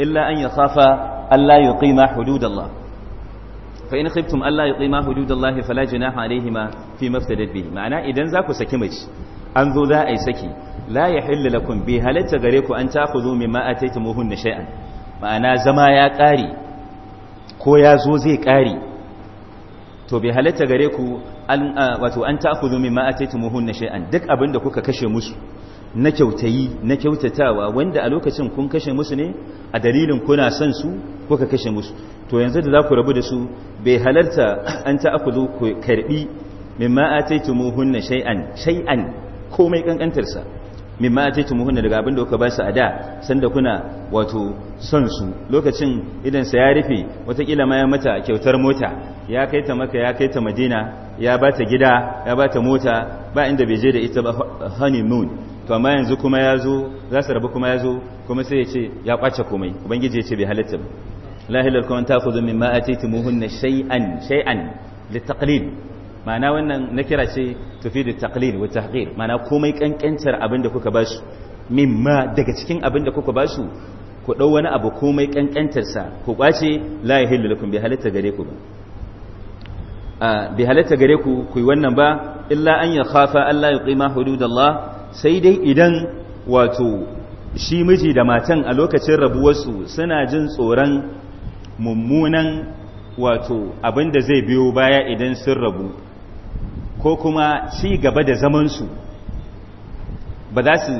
illa an yakhafa alla yuqima hududallah fa in khiftum alla yuqima hududallah fala junaha alaihima fi maftadat bihi ma'ana idan za ku saki mace an zo za a yi saki la yahillu lakum bi halatta gare ku an takhudhu mimma ataytumuhunna shay'an ma'ana zama ya ko ya zo zai kare to bai halatta gare ku wato an ta'khudhu mimma na shay'an duk abinda kuka kashe musu na kyautayi na kyautatawa wanda a lokacin kun kashe musu ne a dalilin kuna son su kuka kashe musu to yanzu da za ku rabu da su bai halarta an ta aku zo ku karbi mimma ataitumuhunna shay'an shay'an komai kankantarsa mimma ataitumuhunna daga abin da kuka ba su a da sanda kuna wato son su lokacin idan sa ya rufe watakila ma ya mata kyautar mota ya kai ta maka ya kai ta madina ya ba ta gida ya ba ta mota ba inda bai je da ita ba honeymoon to amma yanzu kuma ya zo za su rabu kuma ya zo kuma sai ya ce ya kwace komai ubangiji ya ce bai halitta ba la hilal kuma ta kuzo min ma'atitumuhunna shay'an shay'an litaqlil ma'ana wannan na kira ce da taqlil wa tahqir ma'ana komai kankancar abin da kuka ba su ma daga cikin abin da kuka ba su ku dau wani abu komai kankantar sa ku kwace la hilal lakum bi halatta gare ku ba ah, bi halatta gare ku ku yi wannan ba illa an ya khafa Allah ya qima hududallah sai dai idan wato shi miji da matan a lokacin rabuwarsu suna jin tsoron mummunan wato abin da zai biyo baya idan sun rabu ko kuma ci gaba da zamansu ba za su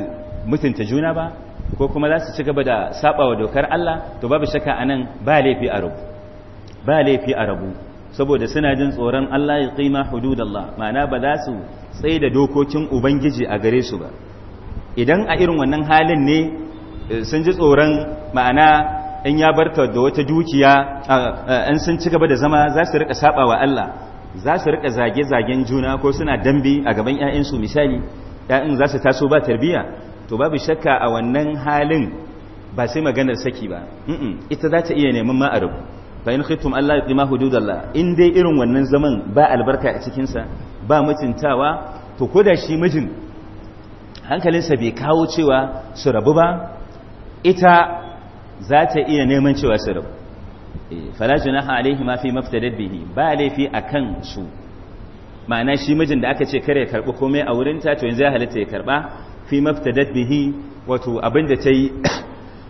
mutunta juna ba ko kuma za su ci gaba da sabawa dokar Allah to babu shakka anan ba laifi a rabu ba laifi a rabu saboda suna jin tsoron Allah ya qima hududallah ma'ana ba za su tsaye da dokokin ubangiji a gare su ba idan a irin wannan halin ne eh, sun ji tsoron ma'ana in ya ta da wata dukiya an sun ci gaba da zama za su rika saba wa Allah za su rika zage-zagen juna ko suna dambe a gaban 'ya'yansu misali 'ya'yan za su taso ba tarbiyya to babu shakka a wannan halin ba sai maganar saki ba ita za ta iya neman ma'arabu. fa in khiftum alla yuqima hududallah in dai irin wannan zaman ba albarka a cikin sa ba mutuntawa to koda shi mijin hankalinsa bai kawo cewa su rabu ba ita za ta iya neman cewa su rabu eh, fala junaha alaihi ma fi maftadat bihi ba laifi akan su ma'ana shi mijin da aka ce kare karɓi komai a wurin ta to yanzu ya halitta ya karɓa fi maftadat bihi wato abin da ta yi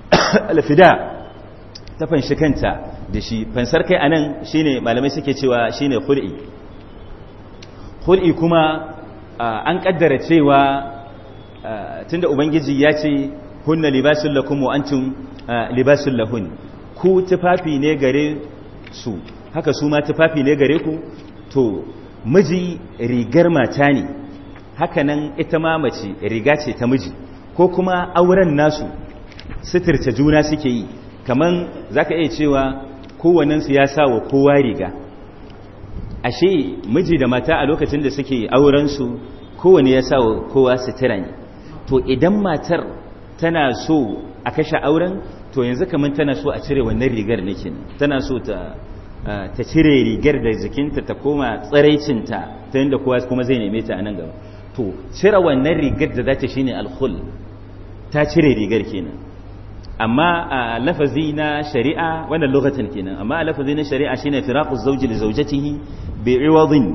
alfida ta fanshi kanta da shi fansar kai anan shine malamai suke cewa shine khul'i khul'i kuma an kaddara cewa tunda ubangiji ya ce hunna libasul lakum wa antum libasul lahun ku tufafi ne gare su haka su ma tufafi ne gare ku to miji rigar mata ne haka nan ita ma mace riga ce ta miji ko kuma auren nasu suturta juna suke yi kaman ka iya cewa kowanensu ya sa wa kowa riga ashe miji da mata a lokacin da suke aurensu kowane ya sa wa kowa sutura ne to idan matar tana so a kashe auren to yanzu kamar tana so a cire wannan rigar nake tana so ta cire rigar da jikinta ta koma tsaraicinta ta yadda kowa kuma zai neme ta a nan gaba to cire wannan rigar da za ta shine alkhul ta cire rigar kenan amma a lafazi na shari'a wannan lokacin kenan amma a lafazi na shari'a shine firaqu zawji li zawjatihi bi iwadin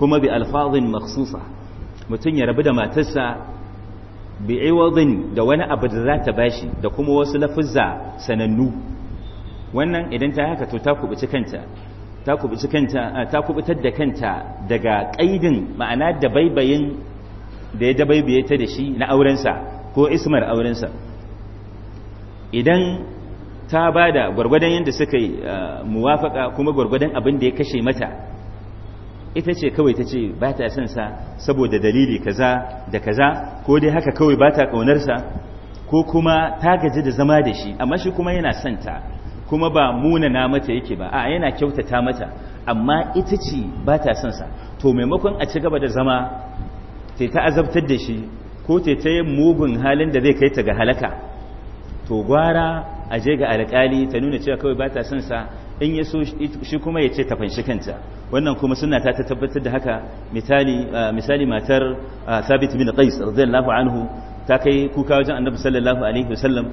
kuma bi alfazin makhsusa mutun ya rabu da matarsa bi iwadin da wani abu da za ta bashi da kuma wasu lafuzza sanannu wannan idan ta haka to ta kubuci kanta ta kubuci kanta ta kubutar da kanta daga kaidin ma'ana da da ya dabaibaye ta da shi na aurensa ko ismar aurensa idan ta ba da gwargwadon yadda suka yi uh, muwafaka kuma gwargwadon abin da ya kashe mata ita ce kawai ta ce ba ta son sa saboda dalili kaza da kaza ko dai haka kawai ba ta ƙaunarsa ko kuma ta gaji da zama da shi amma shi kuma yana son ta kuma ba muna na mata yake ba a yana kyautata mata amma ita ce ba ta son sa to maimakon a ci gaba da zama ta azabtar da shi ko ta yi mugun halin da zai kai ta ga halaka to gwara a je ga alkali ta nuna cewa kawai ba ta son sa in ya so shi kuma ya ce ta fanshi kanta wannan kuma suna ta tabbatar da haka misali misali matar Thabit bin Qais radiyallahu anhu ta kai kuka wajen Annabi sallallahu alaihi wasallam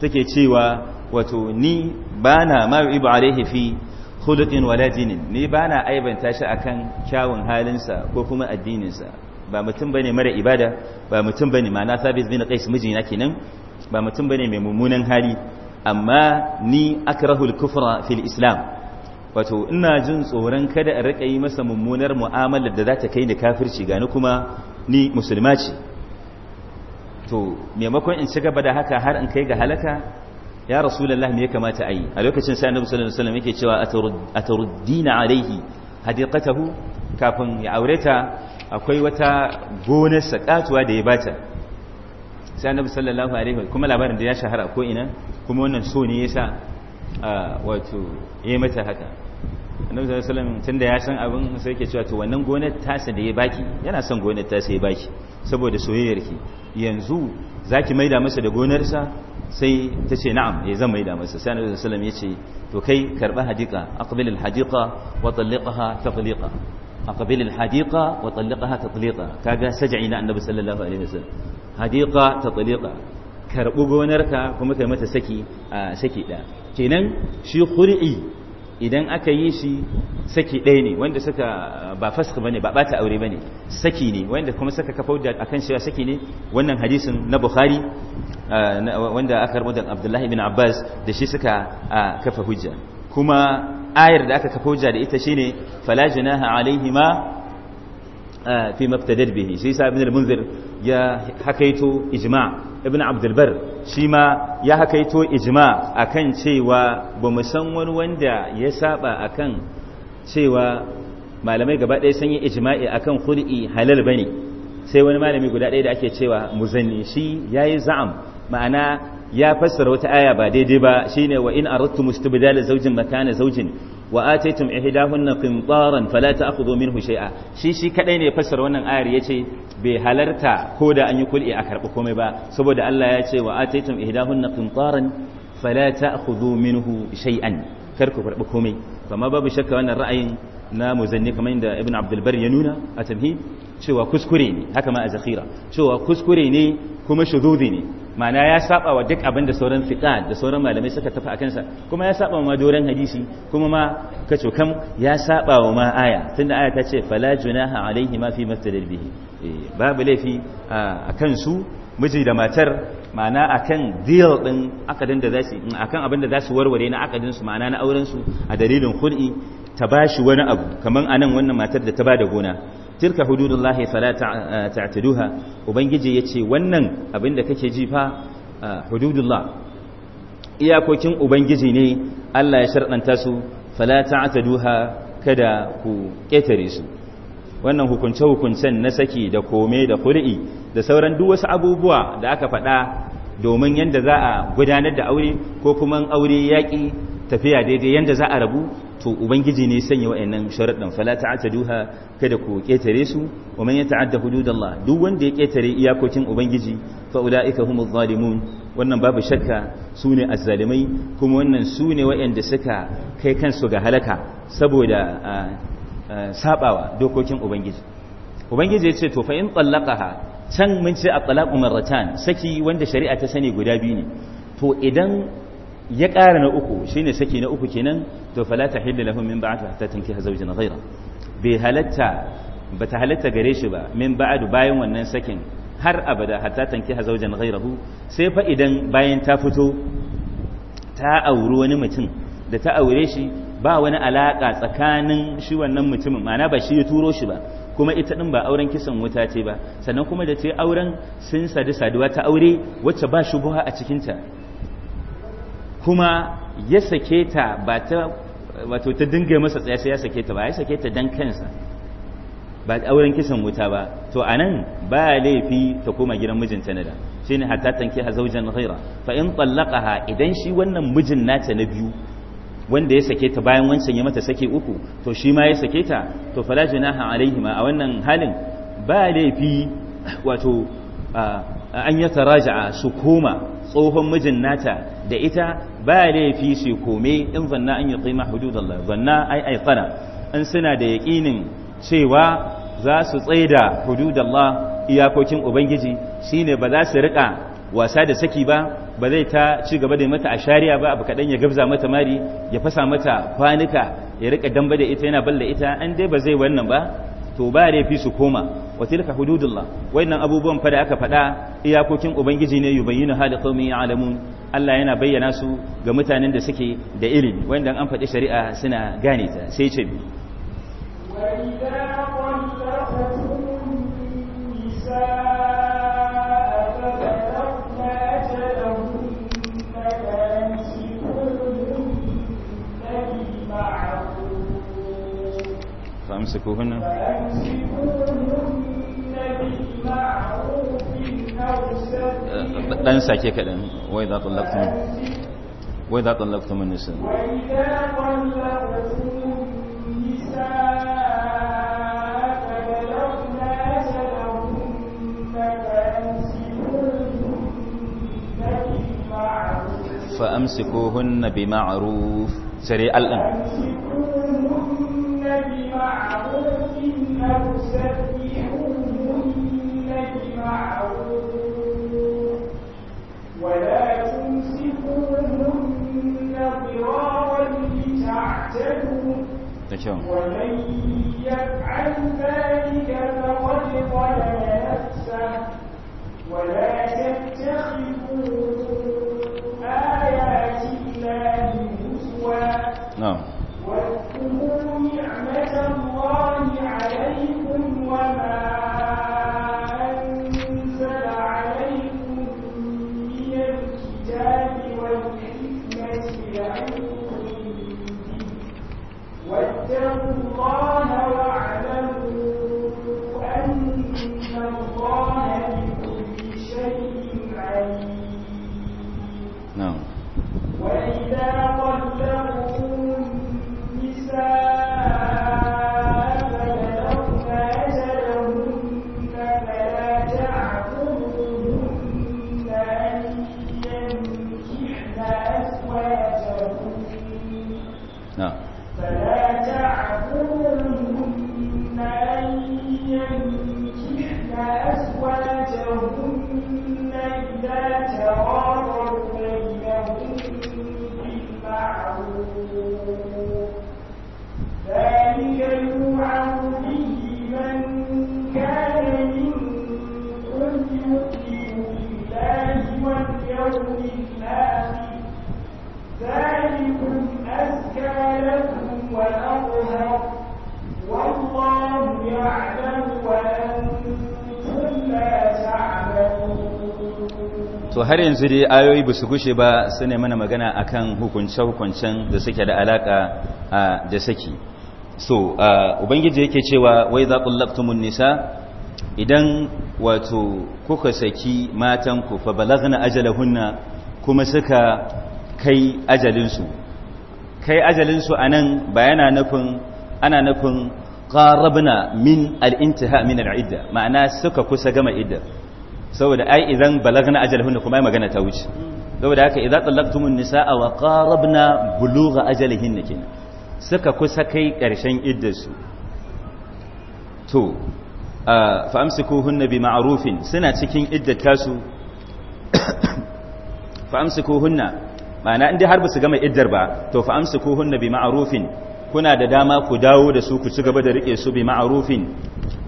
take cewa wato ni bana ma ibu alaihi fi khuluqin wala dinin ni bana aibanta shi akan kyawun halinsa ko kuma addininsa ba mutum bane mara ibada ba mutum bane ma na Thabit bin Qais mijina kenan ba mutum bane mai mummunan hali amma ni akrahul kufra fil islam wato ina jin tsoron kada a rika yi masa mummunar mu'amalar da za ta kai ni kafirci gani kuma ni musulma ce to maimakon in ci gaba da haka har in kai ga halaka ya rasulullah me ya kamata a yi a lokacin sa annabi sallallahu alaihi wasallam yake cewa ataruddina alaihi hadiqatahu kafin ya aureta akwai wata gonar sakatuwa da ya bata sai annabi sallallahu alaihi wasallam kuma labarin da ya shahara ko ina kuma wannan so ne yasa wato ya yi mata haka annabi sallallahu alaihi wasallam tunda ya san abin sai yake cewa to wannan gonar tasa da ya baki yana son gonar tasa ya baki saboda soyayyar ki yanzu zaki maida masa da gonarsa sai ta ce na'am ya eh, zan maida masa sai annabi sallallahu alaihi wasallam yace to kai karba hadika aqbil hadiqa wa talliqaha taqliqa أقبل الحديقة وطلقها تطليقا كاقا سجعنا النبي صلى الله عليه وسلم حديقة تطليقا karɓi gonarka kuma kai mata saki a saki ɗaya kenan shi khuri'i idan aka yi shi saki ɗaya ne wanda suka ba faska bane ba bata aure ba bane saki ne wanda kuma suka kafa da kan shiwa saki ne wannan hadisin na Bukhari wanda aka rubuta Abdullahi bin Abbas da shi suka kafa hujja kuma ayar da aka kafo hujja da ita shine fala junaha alaihima fi mabtadad bihi shi sa ibn al-munzir ya hakaito ijma ibn abd al-bar shi ma ya hakaito ijma akan cewa ba mu san wani wanda ya saba akan cewa malamai gaba ɗaya sun yi ijma'i akan khul'i halal bane sai wani malami guda ɗaya da ake cewa muzanni shi yayi za'am ma'ana ya fassara wata aya ba daidai ba shine wa in aradtum istibdala zawjin makana zawjin wa ataytum ihdahunna qintaran fala ta'khudhu minhu shay'a shi shi kadai ne fassara wannan ayar yace bai halarta ko da an yi kul'i a karbi komai ba saboda Allah ya ce wa ataytum ihdahunna qintaran fala ta'khudhu minhu shay'an kar ku karbi komai amma babu shakka wannan ra'ayin na muzanni kamar inda ibn abdulbar ya nuna a tamhid cewa kuskure ne haka ma a zakhira cewa kuskure ne kuma shuzudi ne ma'ana ya saba wa duk abin da sauran fiƙa da sauran malamai suka tafi a kansa kuma ya saba wa doren hadisi kuma ma kace kam ya saba wa ma aya tunda aya ta ce fala junaha alaihi ma fi mastalil bihi eh, babu laifi a su miji da matar ma'ana akan deal din akadin da zasu akan abin da zasu warware na akadin su ma'ana na auren su a dalilin hul'i ta bashi wani abu kaman anan wannan matar da ta bada gona tilka hududullahi fala eh, ta'tiduha ubangiji yace wannan abin da kake ji fa eh, hududullah iyakokin ubangiji ne Allah ya sharɗanta su fala ta'tiduha kada ku ketare su wannan hukunce-hukuncen na saki da kome da kuri'i da sauran duk wasu abubuwa da aka faɗa domin yadda za a gudanar da aure ko kuma aure yaƙi tafiya daidai yanda za a rabu to ubangiji ne sanya wa'annan sharuɗin fala duha kada ku ketare su wa man yata'adda hududallah duk wanda ya ketare iyakokin ubangiji fa ulaika humuz zalimun wannan babu shakka sune azzalimai kuma wannan sune wa'anda suka kai kansu ga halaka saboda sabawa dokokin ubangiji ubangiji ya ce to fa in tsallaqaha can mun ce a talaqu marratan saki wanda shari'a ta sani guda biyu ne to idan ya ƙara na uku shine saki na uku kenan to falata hidda lahum min ba'd hatta tankiha zawjan ghayra bi halatta ba ta halatta gare shi ba min ba'd bayan wannan sakin har abada hatta tankiha zawjan hu sai fa idan bayan ta fito ta auri wani mutum da ta aure shi ba wani alaka tsakanin shi wannan mutumin ma'ana ba shi ya turo shi ba kuma ita din ba auren kisan wuta ce ba sannan kuma da ce auren sun sadu saduwa ta aure wacce ba shubuha a cikinta kuma ya sake ta ba ta wato ta dinga masa tsaya sai ya sake ta ba ya sake ta dan kansa ba auren kisan wuta ba to anan ba laifi ta koma gidan mijinta na da shine hatta tanki ha zaujan ghaira fa in tallaqaha idan shi wannan mijin nata na biyu wanda ya sake ta bayan wancan ya mata sake uku to shi ma ya sake ta to fala junaha alaihima a wannan halin ba laifi wato an ya taraja'a su koma tsohon mijin nata da ita ba ya laifi su kome in zanna an yi tsima Allah zanna ai ai tsana in suna da yaƙinin cewa za su tsaida Allah iyakokin ubangiji shine ba za su riƙa wasa da saki ba ba zai ta ci gaba da mata a shari'a ba abu kaɗan ya gabza mata mari ya fasa mata kwanuka ya riƙa damba da ita yana balla ita an dai ba zai wannan ba to ba ya laifi su koma wa tilka hududullah wayannan abubuwan fa da aka faɗa iyakokin ubangiji ne yubayyinu hali qaumi ya'lamun Allah yana bayyana su ga mutanen da suke da ilimi wanda an faɗi shari'a suna gane ta sai ce dan sake ka kadan wa idza tallaqtum wa idza tallaqtum an-nisa فأمسكوهن بمعروف سريع الأمر da نعم. kyau ولا يتخذ har yanzu dai ayoyi ba su gushe ba su ne mana magana a kan hukunce-hukuncen da suke da alaka da saki so ubangiji yake cewa wai za mun nisa idan wato kuka saki matanku fa ajala ajalahunna kuma suka kai ajalinsu kai ajalinsu a nan ba yana nufin ana nufin ƙarabna min al'intaha min al'idda ma'ana suka kusa gama idda saboda ai idan balagna ajalahunna kuma ai magana ta wuce saboda haka idza talaqtumun nisaa wa qarabna bulugha ajalihinna kenan suka kusa kai karshen iddarsu to fa amsikuhunna bi ma'rufin suna cikin iddata su fa amsikuhunna ma'ana indai har ba su gama iddar ba to fa amsikuhunna bi ma'rufin kuna da dama ku dawo da su ku ci gaba da rike su bi ma'rufin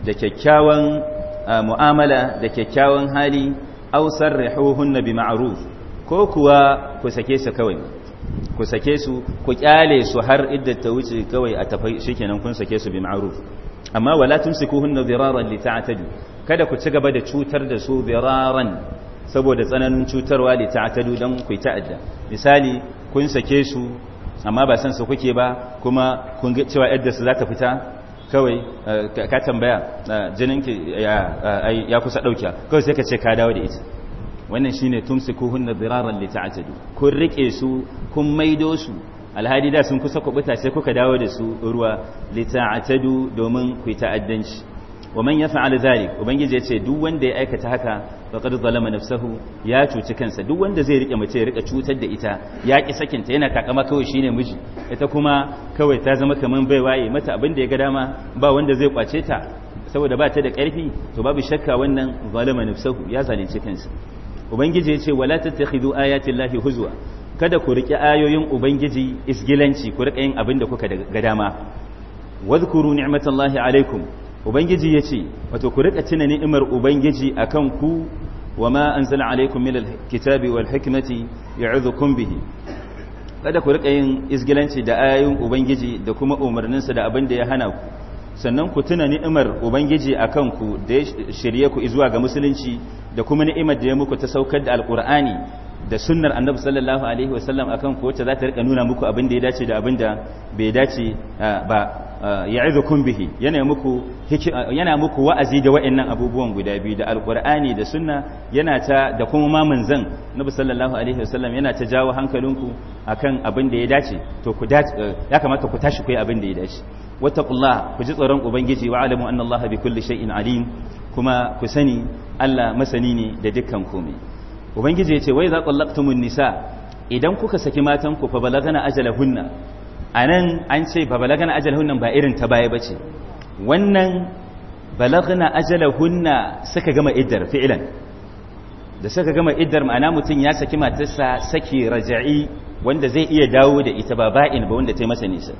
da kyakkyawan mu'amala da kyakkyawan hali aw sarrihuhunna bi ma'ruf ko kuwa ku sake su kawai ku sake su ku kyale su har idda ta wuce kawai a tafai shikenan kun sake su bi ma'ruf amma wala tumsikuhunna diraran li ta'tadu kada ku ci gaba da cutar da su diraran saboda tsananin cutarwa li ta'tadu dan ku ta'adda misali kun sake su amma ba san su kuke ba kuma kun ga cewa yadda su za ta fita kawai eh, ka tambaya eh, jininki ya eh, kusa daukiya kawai sai ka ce ka dawo da ita wannan shine tumsikuhunna diraran ta'tadu kun rike su kun maido su alhadi da sun kusa kubuta sai kuka dawo da su ruwa ta'tadu domin ku ta'addanci wa man yaf'al dhalik ubangiji yace duk wanda ya aikata haka faqad zalama nafsahu ya cuci kansa duk wanda zai rike mace ya rika cutar da ita ya ki sakin ta yana kakama kawai shine miji ita kuma kawai ta zama kaman bai waye mata abin da ya ga dama ba wanda zai kwace ta saboda ba ta da karfi to babu shakka wannan zalama nafsahu ya zalunci kansa ubangiji yace wala tattakhidu ayati llahi huzwa kada ku rike ayoyin ubangiji isgilanci ku rike yin abin da kuka ga dama wadhkuru ni'matallahi alaikum ubangiji ya ce wato ku rika tuna ni'imar ubangiji a kan ku wa ma an zala alaikum milal kitabi wal hikimati ya bihi kada ku rika yin izgilanci da ayoyin ubangiji da kuma umarninsa da abin da ya hana ku sannan ku tuna ni'imar ubangiji a kan ku da ya shirye ku zuwa ga musulunci da kuma ni'imar da ya muku ta saukar da alkur'ani da sunnar annabi sallallahu alaihi wasallam akan ko wacce za ta rika nuna muku abin da ya dace da abin da bai dace ba ya'idukum bihi kun muku yana muku wa'azi da wa'annan abubuwan guda biyu da alkur'ani da sunna yana ta da kuma ma manzon annabi sallallahu alaihi wasallam yana ta jawo hankalinku akan abin da ya dace to ku ya kamata ku tashi ku yi abin da ya dace wattaqullah ku ji tsoron ubangiji wa alamu anna bi kulli shay'in alim kuma ku sani Allah masani ne da dukkan komai ubangiji ya ce wai za mun nisa idan kuka saki matan ku fa balagana a nan an ce ba balagana ajalahunna ba irin ta baya ce wannan balagana ajalahunna suka gama iddar fi'lan da suka gama iddar ma'ana mutum ya saki matarsa saki raja'i wanda zai iya dawo da ita ba ba'in ba wanda ta yi masa nisa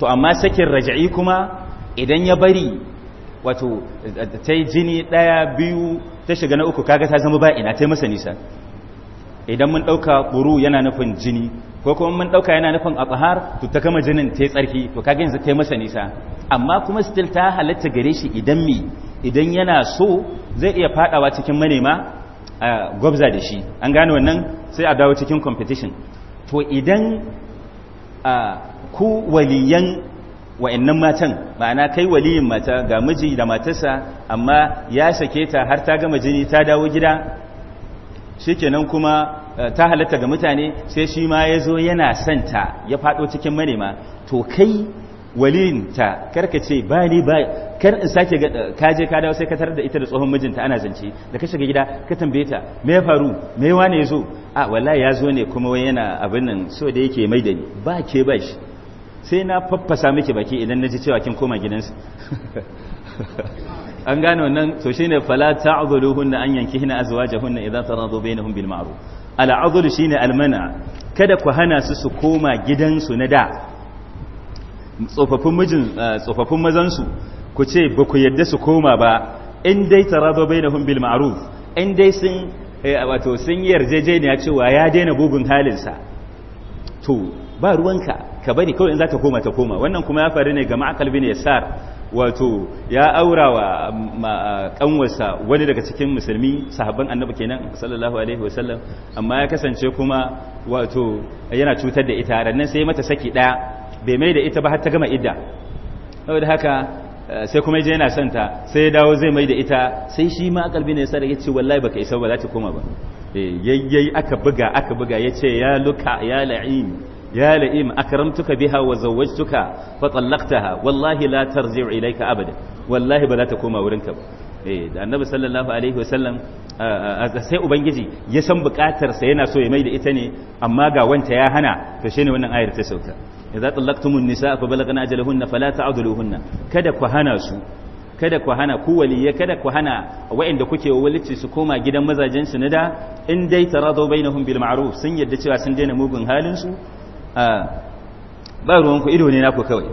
to amma sakin raja'i kuma idan ya bari wato ta yi jini ɗaya biyu ta shiga na uku kaga ta zama ba'ina ta yi masa nisa idan mun ɗauka ƙuru yana nufin jini ko kuma mun ɗauka yana nufin atsahar to ta kama jinin ta yi tsarki to kaga yanzu ta yi masa nisa amma kuma still ta halatta gare shi idan mi idan yana so zai iya faɗawa cikin manema a gwabza da shi an gane wannan sai a dawo cikin competition to idan ku waliyan wa'annan matan ma'ana kai waliyin mata ga miji da matarsa amma ya sake ta har ta gama jini ta dawo gida shikenan kuma eh, ta halatta ga mutane sai shi ma ya zo yana santa ya fado cikin manema to kai waliyinta karka ce ba ni ba kar in sake eh, ka je ka dawo sai ka tarar da ita da tsohon mijinta ana zance da ka shiga gida ka tambaye ta me ya faru me wane ya zo a wallahi ya zo ne kuma yana abin nan so da yake mai da ni ba ke ba shi sai na faffasa miki baki idan na ji cewa kin koma gidansu an gane wannan so shine fala ta'dhuluhunna an yanki yankihna azwajahunna idza taradu bainahum bil ma'ruf al'adhul shine almana kada ku hana su su koma gidansu na da tsofaffin mijin eh, tsofaffin mazan su ku ce ba ku yadda su koma ba in dai taradu bainahum bil ma'ruf in dai sun eh, wato sun yarjejeniya cewa ya daina bugun halin sa to ba ruwanka ka bari kawai in za ta koma ta koma wannan kuma ya faru ne ga ma'akal bin yasar wato ya aura wa kanwarsa wani daga cikin musulmi sahabban annabi kenan sallallahu alaihi wasallam amma ya kasance kuma wato yana cutar da ita nan sai mata saki daya bai mai da ita ba har ta gama idda saboda haka eh, sai kuma je yana son sai ya dawo zai mai da ita sai shi ma kalbi ne sai yace wallahi baka isa ba za ta koma ba eh yayyai aka buga aka buga yace ya luka ya la'in ya la'im akramtuka biha wa zawwajtuka fa tallaqtaha wallahi la tarji'u ilayka abada wallahi ba za ta koma wurinka ba eh da annabi sallallahu alaihi wasallam sai ubangiji ya san bukatar sa yana so ya mai da ita ne amma ga wanta ya hana to ne wannan ayar ta sauka nisa idza tallaqtumun nisaa fa balagna ajalahunna fala ta'dhuluhunna kada ku hana su kada ku hana ku waliye kada ku hana waɗanda kuke walici su koma gidan mazajen su na da in dai tarado bainahum bil ma'ruf sun yadda cewa sun daina mugun halin su Ah. ba ruwanku ido ne naku kawai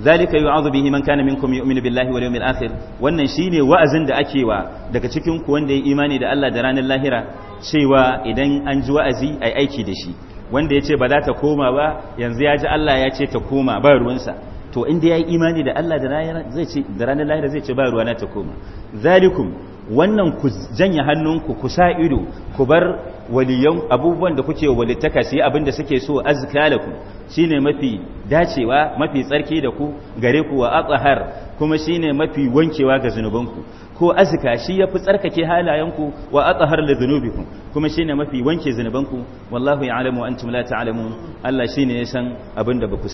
zalika yu'adhu bihi man kana minkum yu'minu billahi wal yawmil akhir wannan shine wa'azin da ake wa daga cikin ku wanda ya imani da Allah da ranar lahira cewa idan an ji wa'azi ai aiki da shi wanda yace ba za ta koma ba yanzu ya ji Allah ya ce ta koma ba ruwansa to inda yayi imani da Allah da ranar zai ce da ranar lahira zai ce ba ruwana ta koma zalikum wannan ku janya hannunku ku sa ido ku bar waliyan abubuwan da kuke walittaka su yi abin suke so azka lakum shine mafi dacewa mafi tsarki da ku gare ku wa atsahar kuma shine mafi wankewa ga zunubanku ko azka shi yafi tsarkake halayenku wa atsahar li zunubikum kuma shine mafi wanke zunubanku wallahu ya'lamu antum la ta'lamun Allah shine ya san abin da ba